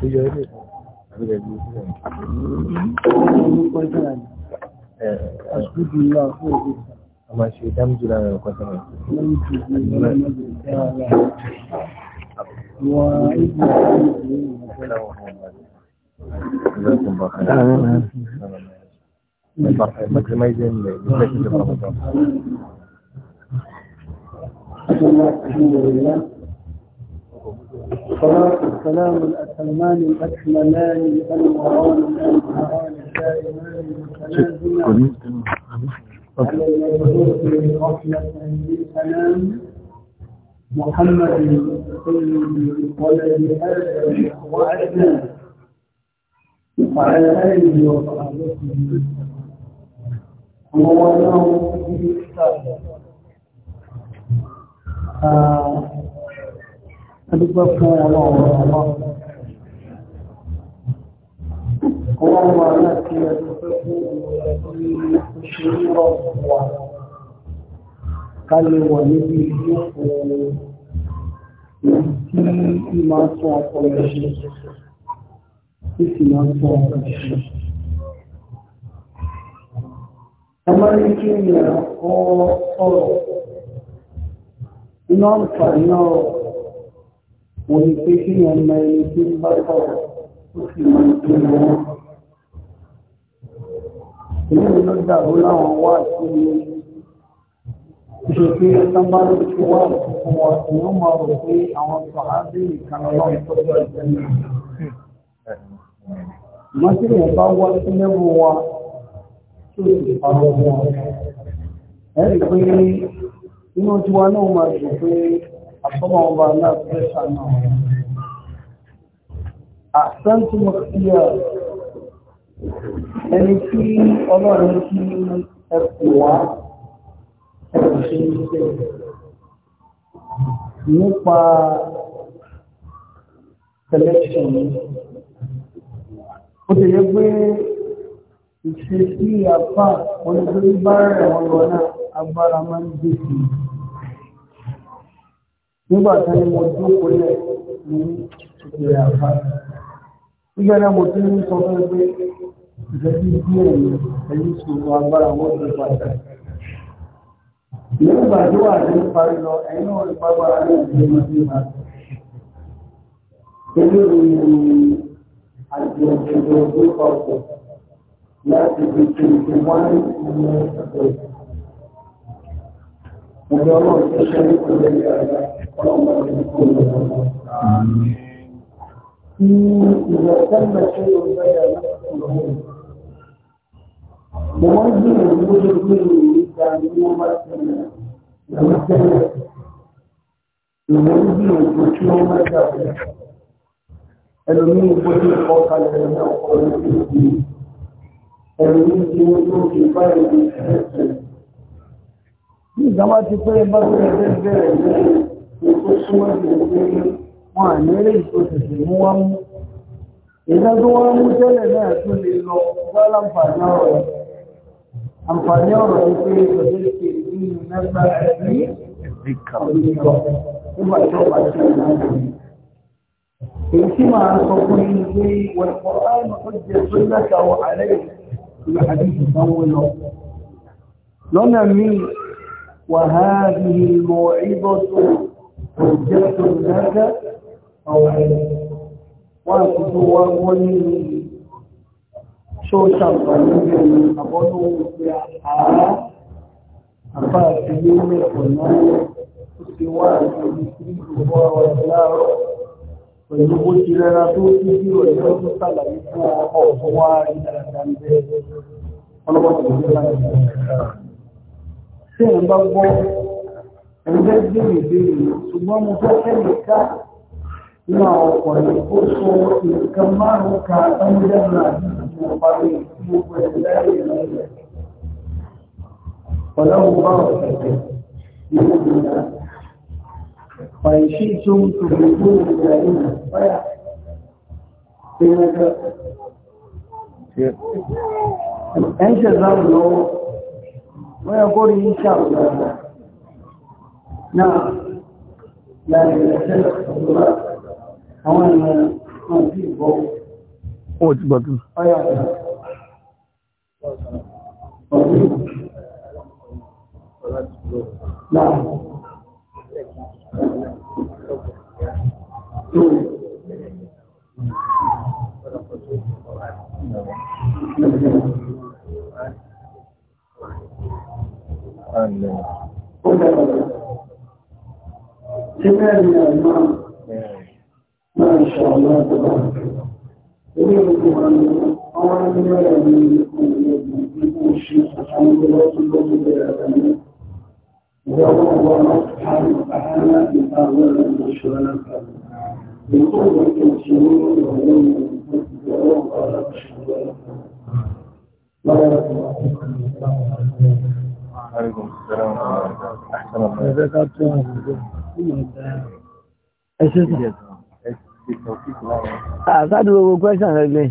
Ẹ̀yọ̀ ẹ̀yọ̀. أشهد الله هو أما شيء دم جلالة وكسرة جزاكم الله خير مكزمايزين الحمد لله الصلاة والسلام الأتمان الأكملان المران الأنهاران الدائمان المتلازمة على المبعوث رحمة للأنام محمد سيد ولد آدم وعدنان وعلى آله وصحبه وموالاه بإحسان أدبر الله الله اللهم انك تشير قال ونبي tí máa tún ọkọ̀ rẹ̀ ṣe tí sì máa tún ọkọ̀ rẹ̀ ṣe. a máa ń kí ní ẹ̀kọ́ ọ̀rọ̀ iná àǹfààní ọ̀rọ̀ wọ́n ni pé kí ní ọmọ ẹni tí ń bá sọ̀rọ̀ ó sì máa ń tó lọ́wọ́ èyí ni ló dàrú láwọn wá sí ṣe pé tán bá ló ti wá fún wa èèyàn máa rò pé àwọn sọ̀hábì nìkan lọ́wọ́ tọ́jú ẹ̀jẹ̀ náà. Mọ́tìrì ẹ̀ bá wá sí lẹ́bù wa tó sì parọ́ wọn. Ẹ rí pé inú tiwa náà máa dùn pé àtọ́mọ̀ ọba náà fẹ́ sànà. Àṣẹ́ntì mọ̀ ẹni tí ọlọ́run kí ẹkùn wá ẹkùn ṣe ń ṣe nípa selection ó ti yẹ pé ìṣe sí apá onígbóní bá rẹ̀ wọ́n lọ náà agbára máa ń dé sí nígbà tí mo jókòó lẹ̀ ní ìpìlẹ̀ apá. Nígbà náà mo ti ń sọ fún ẹ ìrẹ́bí díẹ̀ ní ẹ̀yí ṣòro agbára wọ́n ti padà. Ìyẹn ìgbà tó wà ní parí lọ, ẹ̀yìn náà rí pàgbára ní ìdílé máa ti máa. Ilé ìròyìn àjẹjẹjẹ tó kọ̀ọ̀kọ̀ láti fi ṣe ìṣe wọ́n ní ìlú ẹ̀sẹ̀. Ọjọ́ náà ṣe ṣe ní ìpínlẹ̀ Yàrá, ọlọ́mọdé ní ìpínlẹ̀ Yàrá. Ní ìrọ̀sẹ́ mẹ́ṣẹ́ ló bẹ̀rẹ̀ lọ́sọ̀rọ̀ mo máa ń gbìyànjú bó ṣe gbé ìròyìn ìta ní wọ́n bá tẹ̀lé ìwọ́n tẹ̀lé ìwọ́n ń gbìyànjú tí wọ́n bá tẹ̀lé ẹlòmíì bó ṣe kọ́ kalẹ̀ ní ọkọ̀ rẹ̀ tó ti ẹlòmíì tí wọ́n tó fi báyìí ní ẹ̀sẹ̀. bí ìjọba ti pé bá tó ṣe fẹ́ bẹ̀rẹ̀ ní ètò súnmọ́ ìlú pé wọn à ní eré ìtòsẹ̀sẹ̀ mú wá mú ìdájọ́ wọn mú tẹ́lẹ̀ náà tó lè lọ bá láǹfààní ọ̀rọ̀ àǹfààní ọ̀rọ̀ ìpé ìgbẹ̀lẹ́kẹ̀ nínú mẹ́fà ní ẹ̀díkà nígbà tí ó bá ti ń rán mi. èyí tí màá sọ fún yín pé wọ́n kọ́ láì mọ̀ jẹ́ tó lẹ́ka wọ àlẹ́ ìlú tó ṣàǹfààní pẹ̀lú àbọ́dọ̀ òkè àárá àbá àti nílé ọ̀nà ó ti wá àti ìgbìmọ̀ ọ̀rọ̀ láàárọ̀ pẹ̀lú bó ti rẹra tó tí bí ọ̀rẹ́ tó sàlàyé fún ọ̀pọ̀ wá rí dáadáa ọlọ́pàá tó ń bá gbọ́ ẹgbẹ́ gbèrè gbèrè ṣùgbọ́n mo fẹ́ kẹ́lẹ̀ ina kokari ko so kamar ka dan gidan na ko bare ko ko da ne walau ba ka ce fa shi tun su ko da ina baya sai na ga ɗan shazam no waya gori insha Allah na la ilaha illallah àwọn ẹ̀rọ náà sí ìbọ̀ ó ti gbọ́ tún. Amen. Amen. ما شاء الله تبارك الله إليكم أن أولا يكون يكون الشيخ سبحانه وتعالى الله بالعلم وهو الله سبحانه وتعالى يقابل المشورة يقول لك الشيوخ وهم يقولون قال الشيوخ بارك الله فيكم السلام عليكم وعليكم السلام ورحمة الله وبركاته أحسن الله Àkádùn owó kwẹ́sàn rẹ̀gbẹ̀.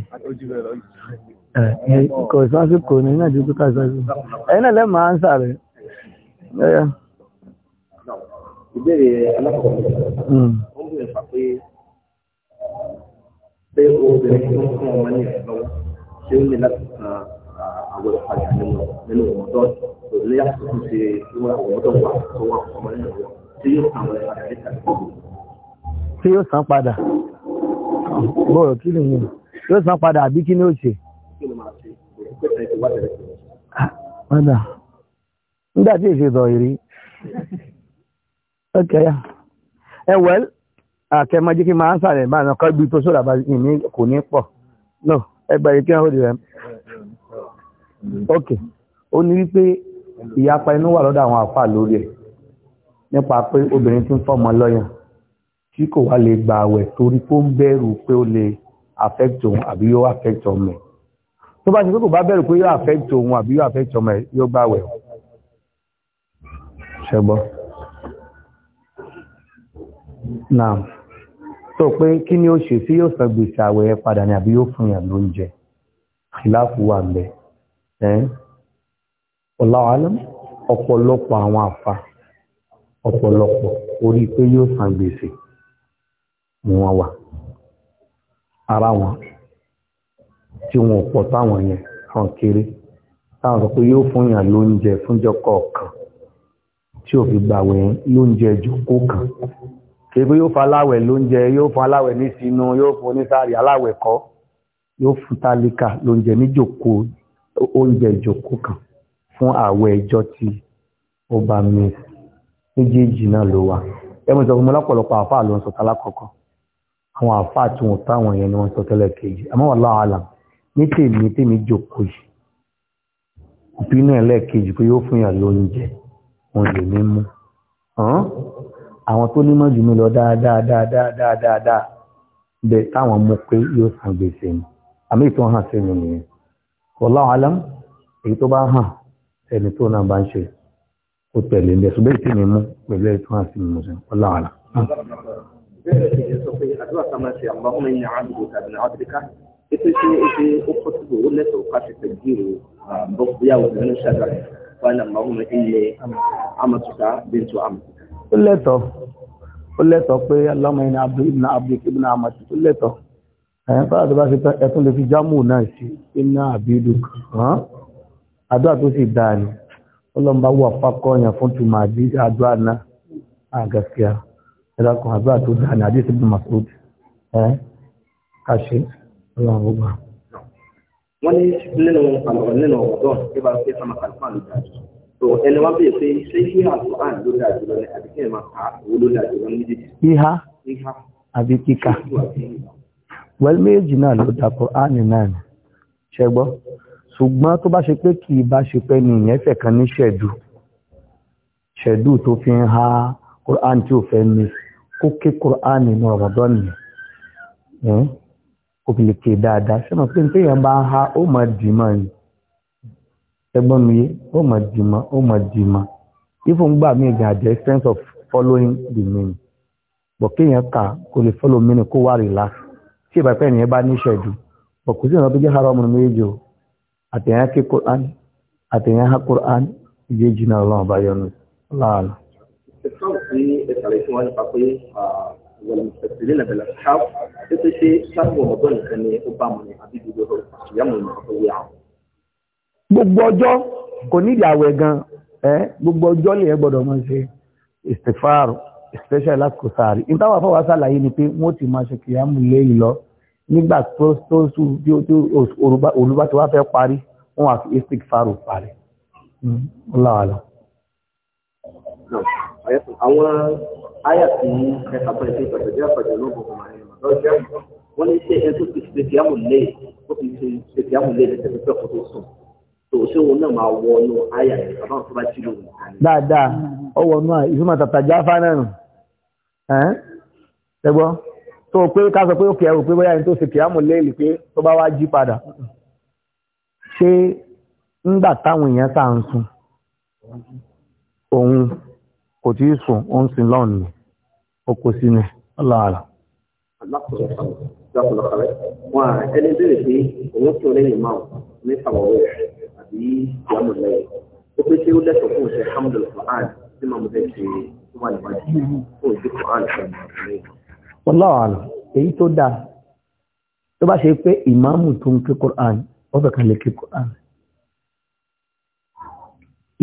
Kò sáfí kò ní náà jùlọ ká sáfí. Ẹ̀yìn náà lẹ́mọ̀ ánsà rẹ̀. Ìbéèrè alákọ̀ọ́ àwọn ìpàdé nínú nínú ọmọdọ ní àtúntò ṣe wọn àwọn ọmọdọ wà tó wà ọmọ nínú wọn tí yóò àwọn ìpàdé tàbí ọgbọn tí yóò san padà bọ́ọ̀rọ̀ kí nìyẹn yóò san padà àbí kí ni ó ṣe padà nígbà tí èsì ìdọ̀ ìrí okay ẹ wẹ́l àkẹ́mọ́jí kí máa ń sàrẹ̀ máa nà kọ́gbí tó sóra bá ní kò ní pọ̀ no ẹgbẹ́ yìí kí wọ́n ó di rẹ̀ ok ó ní wípé ìyapa inú wà lọ́dọ̀ àwọn àfà lórí ẹ̀ nípa pé obìnrin ti ń fọ́mọ lọ́yàn tí kò wá lè gba àwẹ̀ torí kó ń bẹ̀rù pé ó lè affect òun àbí yóò affect ọmọ ẹ̀ tó bá ti pé kò bá bẹ̀rù pé yóò affect òun àbí yóò affect ọmọ ẹ̀ yóò gba àwẹ̀ ṣẹgbọ́ náà tó pé kí ni ó ṣe sí yóò san gbèsè àwẹ̀ ẹ̀ padà ni àbí yóò fún yàn lóúnjẹ ìláàfù wà ń bẹ ọ̀pọ̀lọpọ̀ àwọn àfa ọ̀pọ̀lọpọ̀ orí pé yóò san gbèsè ni wọ́n wà ara wọn tí wọn ò pọ̀ táwọn yẹn àwọn kéré táwọn sọ pé yóò fún yàn lóúnjẹ fúnjọ kọ̀ọ̀kan tí ò fi gbàwẹ̀ lóúnjẹ jòkó kan kébé yóò faláwẹ̀ lóúnjẹ yóò fún aláwẹ̀ ní sínú yóò fún onísàárì aláwẹ̀ kọ́ yóò fún tálíkà lóúnjẹ ní jòkó oúnjẹ jòkó kan fún àwẹ̀ ẹjọ́ tí ó bá mi méjèèjì náà ló wà ẹ̀mí sọ fún mi lọ́pọ̀lọpọ̀ àfáà ló ń sọ tálákọ̀ọ́kọ́ àwọn àfáà tí wọ́n táwọn èèyàn ni wọ́n sọ tẹ́lẹ̀ kejì àmọ́ wallahu alam ní tèmi tèmi yìí òpinú ẹlẹ́ẹ̀kejì pé yóò fún yàn lóúnjẹ wọn lè ní mú àwọn tó lọ dáadáa dáadáa dáadáa bẹ táwọn mú pé yóò san gbèsè àmì ìtàn hàn sí mi nìyẹn èyí tó bá hàn ẹni tó náà bá ń ṣe tẹ̀lé ń bẹ ṣùgbọ́n bẹ́ẹ̀ ni ẹ sọ pé àdúrà ká máa ṣe àwọn ọmọ ẹ̀yìn àdúgbò tàbí ní áfíríkà ètò ṣe ètò ó pọ̀ síbò ó lẹ́tọ̀ọ́ ká ṣe pẹ̀lú ìrò bóyá òbí ní ṣàdá wọn àwọn ọmọ ẹ̀yìn amatuka bíntu am. ó lẹ́tọ̀ọ́ ó lẹ́tọ̀ọ́ pé alámọ ẹ̀yìn abdulkibna abdulkibna amatu ó lẹ́tọ̀ọ́ ẹ̀yìn fáwọn tó bá ṣe tán lè fi jámù náà sí iná àbídù ẹ̀dàkùn àdúrà tó dáa ní àdéhùn ibn Mas'ud ẹ̀ káṣe ọlọ́run gbogbo. wọ́n ní nínú àmọ̀ràn nínú ọ̀dọ́ tí bá ṣe sama kàlùfà ló dáa tó ẹni wá bèè pé ṣé ìhà àlùfáàn ló dáa jùlọ ṣùgbọ́n tó bá ṣe pé kì bá ṣe pé ní ìyẹn kan ní ṣẹ̀dù ṣẹ̀dù tó fi ń ha Kùránì tí ò fẹ́ kó ké kùránì ní ọ̀rọ̀dọ́ nìyẹn kò fi lè ké dáadáa sọ́nà pé nítorí yẹn bá ń ha ó mọ̀ dìímọ̀ ni ẹgbọ́n mi yé ó mọ̀ dìímọ̀ ó mọ̀ dìímọ̀ ifo ń gbà mí gan at the of following the meaning bọ̀ kéèyàn kà kó lè follow meaning kó wá relax tí ìbáfẹ́ nìyẹn bá ní ìṣẹ́jú bọ̀ kò sí ìrànlọ́bí jẹ́ haram ní méjèèjì o àtẹ̀yìn ké kùránì àtẹ̀yìn ha kùránì ìjẹ́jì náà ọlọ́run bá yọnu láàlú wọ́n nípa pé wọ̀lẹ̀ mùsùlùmí nàbẹ̀ lọ ṣá tó tó ṣe sáwọn ọmọdé nìkan ni ó bá mu ní àbí gbogbo ìyàmù ní ọkọ̀ wíyà. gbogbo ọjọ́ kò nídìí àwẹ̀ gan gbogbo ọjọ́ lè ẹ gbọ́dọ̀ máa ṣe istifar especially lásìkò sáàrí ìtawà fọwọ́ sàlàyé ni pé wọ́n ti máa ṣe kìyàmù lẹ́yìn lọ nígbà tó tó sùn bí ó tó olùbá ti wá fẹ́ parí wọ́n wá fi istifar parí. ọlọ́wàlọ́. Hmm, àwọn aya tí ẹ kà pẹ̀lú pé pẹ̀lú jẹ́ pẹ̀lú ló bọ̀ ọmọ ẹ̀yìn lọ́dọ̀ jẹ́ wọ́n ní ṣe ẹni tó fi ṣe ti àmú lé ó fi ṣe ṣe ti àmú lé lẹ́sẹ̀ pípẹ́ kó tó sùn tó ṣé òun náà máa wọ inú aya yẹn bàbá tó bá jìnnà òun kan. dáadáa ó wọ inú ìfúnmọ̀ tàtà tó o pé ká sọ pé ó kẹ́ ẹ rò pé bóyá ẹni tó ṣe kìámù léèlì pé tó bá wá jí padà ṣé ńgbà táwọn èèyàn tá à ń sùn òun kò tí ì sùn ó ń sin lọ́run ni ó kó sí ni ọlọ́ọ̀lá. wọn ẹni bèrè pé òun tó lẹ́yìn máa ní sàwọwé àbí ìyàmù lẹ́yìn ó pé ṣé ó lẹ́tọ̀ọ́ fún ṣe hamdul quran tí màmú fẹ́ ṣe tó wà níwájú fún ìdí quran fún mi. ọlọ́ọ̀lá èyí tó dáa tó bá ṣe pé ìmáàmù tó ń ké quran ó kan lè ké quran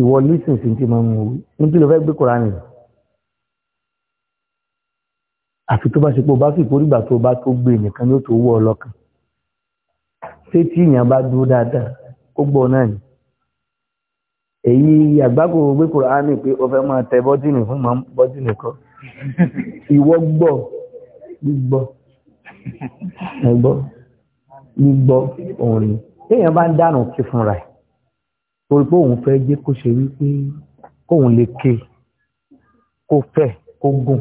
ìwọ lísìn sí ti máa ń mú un kí ló fẹ́ gbé kóra nì àfi tó bá ṣe pé o bá fi ìkórìgbà tó o bá tó gbé nìkan ni ó tó wọ ọ ṣé tí ìyàn bá dúró dáadáa ó gbọ́ náà ni èyí àgbákò gbé kùránì pé o fẹ́ máa tẹ bọ́dìnì fún máa bọ́dìnì kọ́ ìwọ gbọ́ gbígbọ́ ẹgbọ́ gbígbọ́ òun ni èèyàn bá ń dànù kí fúnra ẹ̀ torí pé òun fẹ́ jẹ́ kó ṣe wípé kóun lè ké kó fẹ́ kó gùn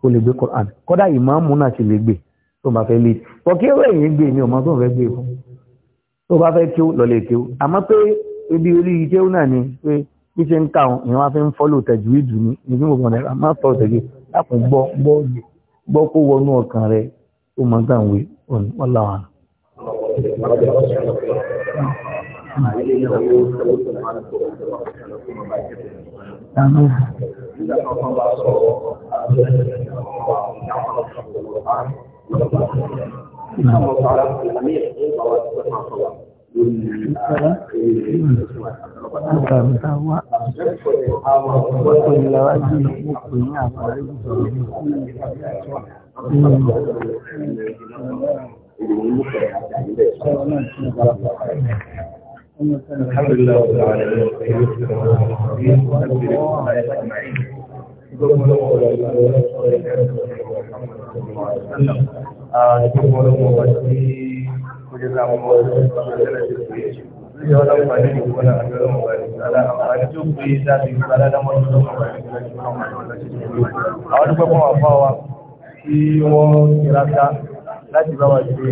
kó lè gbé Quran kódà ìmáàmù náà ti lè gbé tó bá fẹ́ lè pọ̀ kí ẹ̀rọ ẹ̀yìn gbé ni ọmọ tó ń fẹ́ gbé fún tó bá fẹ́ kí ó lọ lè kí ó àmọ́ pé ibi orí ike náà ni pé bí ṣe ń kà wọn ìyẹn wá fi ń fọ́lò tẹ̀jú ìdù ní ìdí gbogbo náírà má tọ́ tẹ̀jú lápò gbọ́ gbọ́ gbọ́ kó wọnú ọkàn rẹ ó mọ̀ gbàǹwé ọ̀nà ọ̀làwọ̀n. Àgbàgbà wa ọ̀pọ̀ ìlàwájú ìpò ní àpàrí ìjọba ní ìlú. الحمد لله رب العالمين Àwọn dúpẹ́ fún àwọn afọ́ wa tí wọ́n kìí ráta láti bá wa ṣe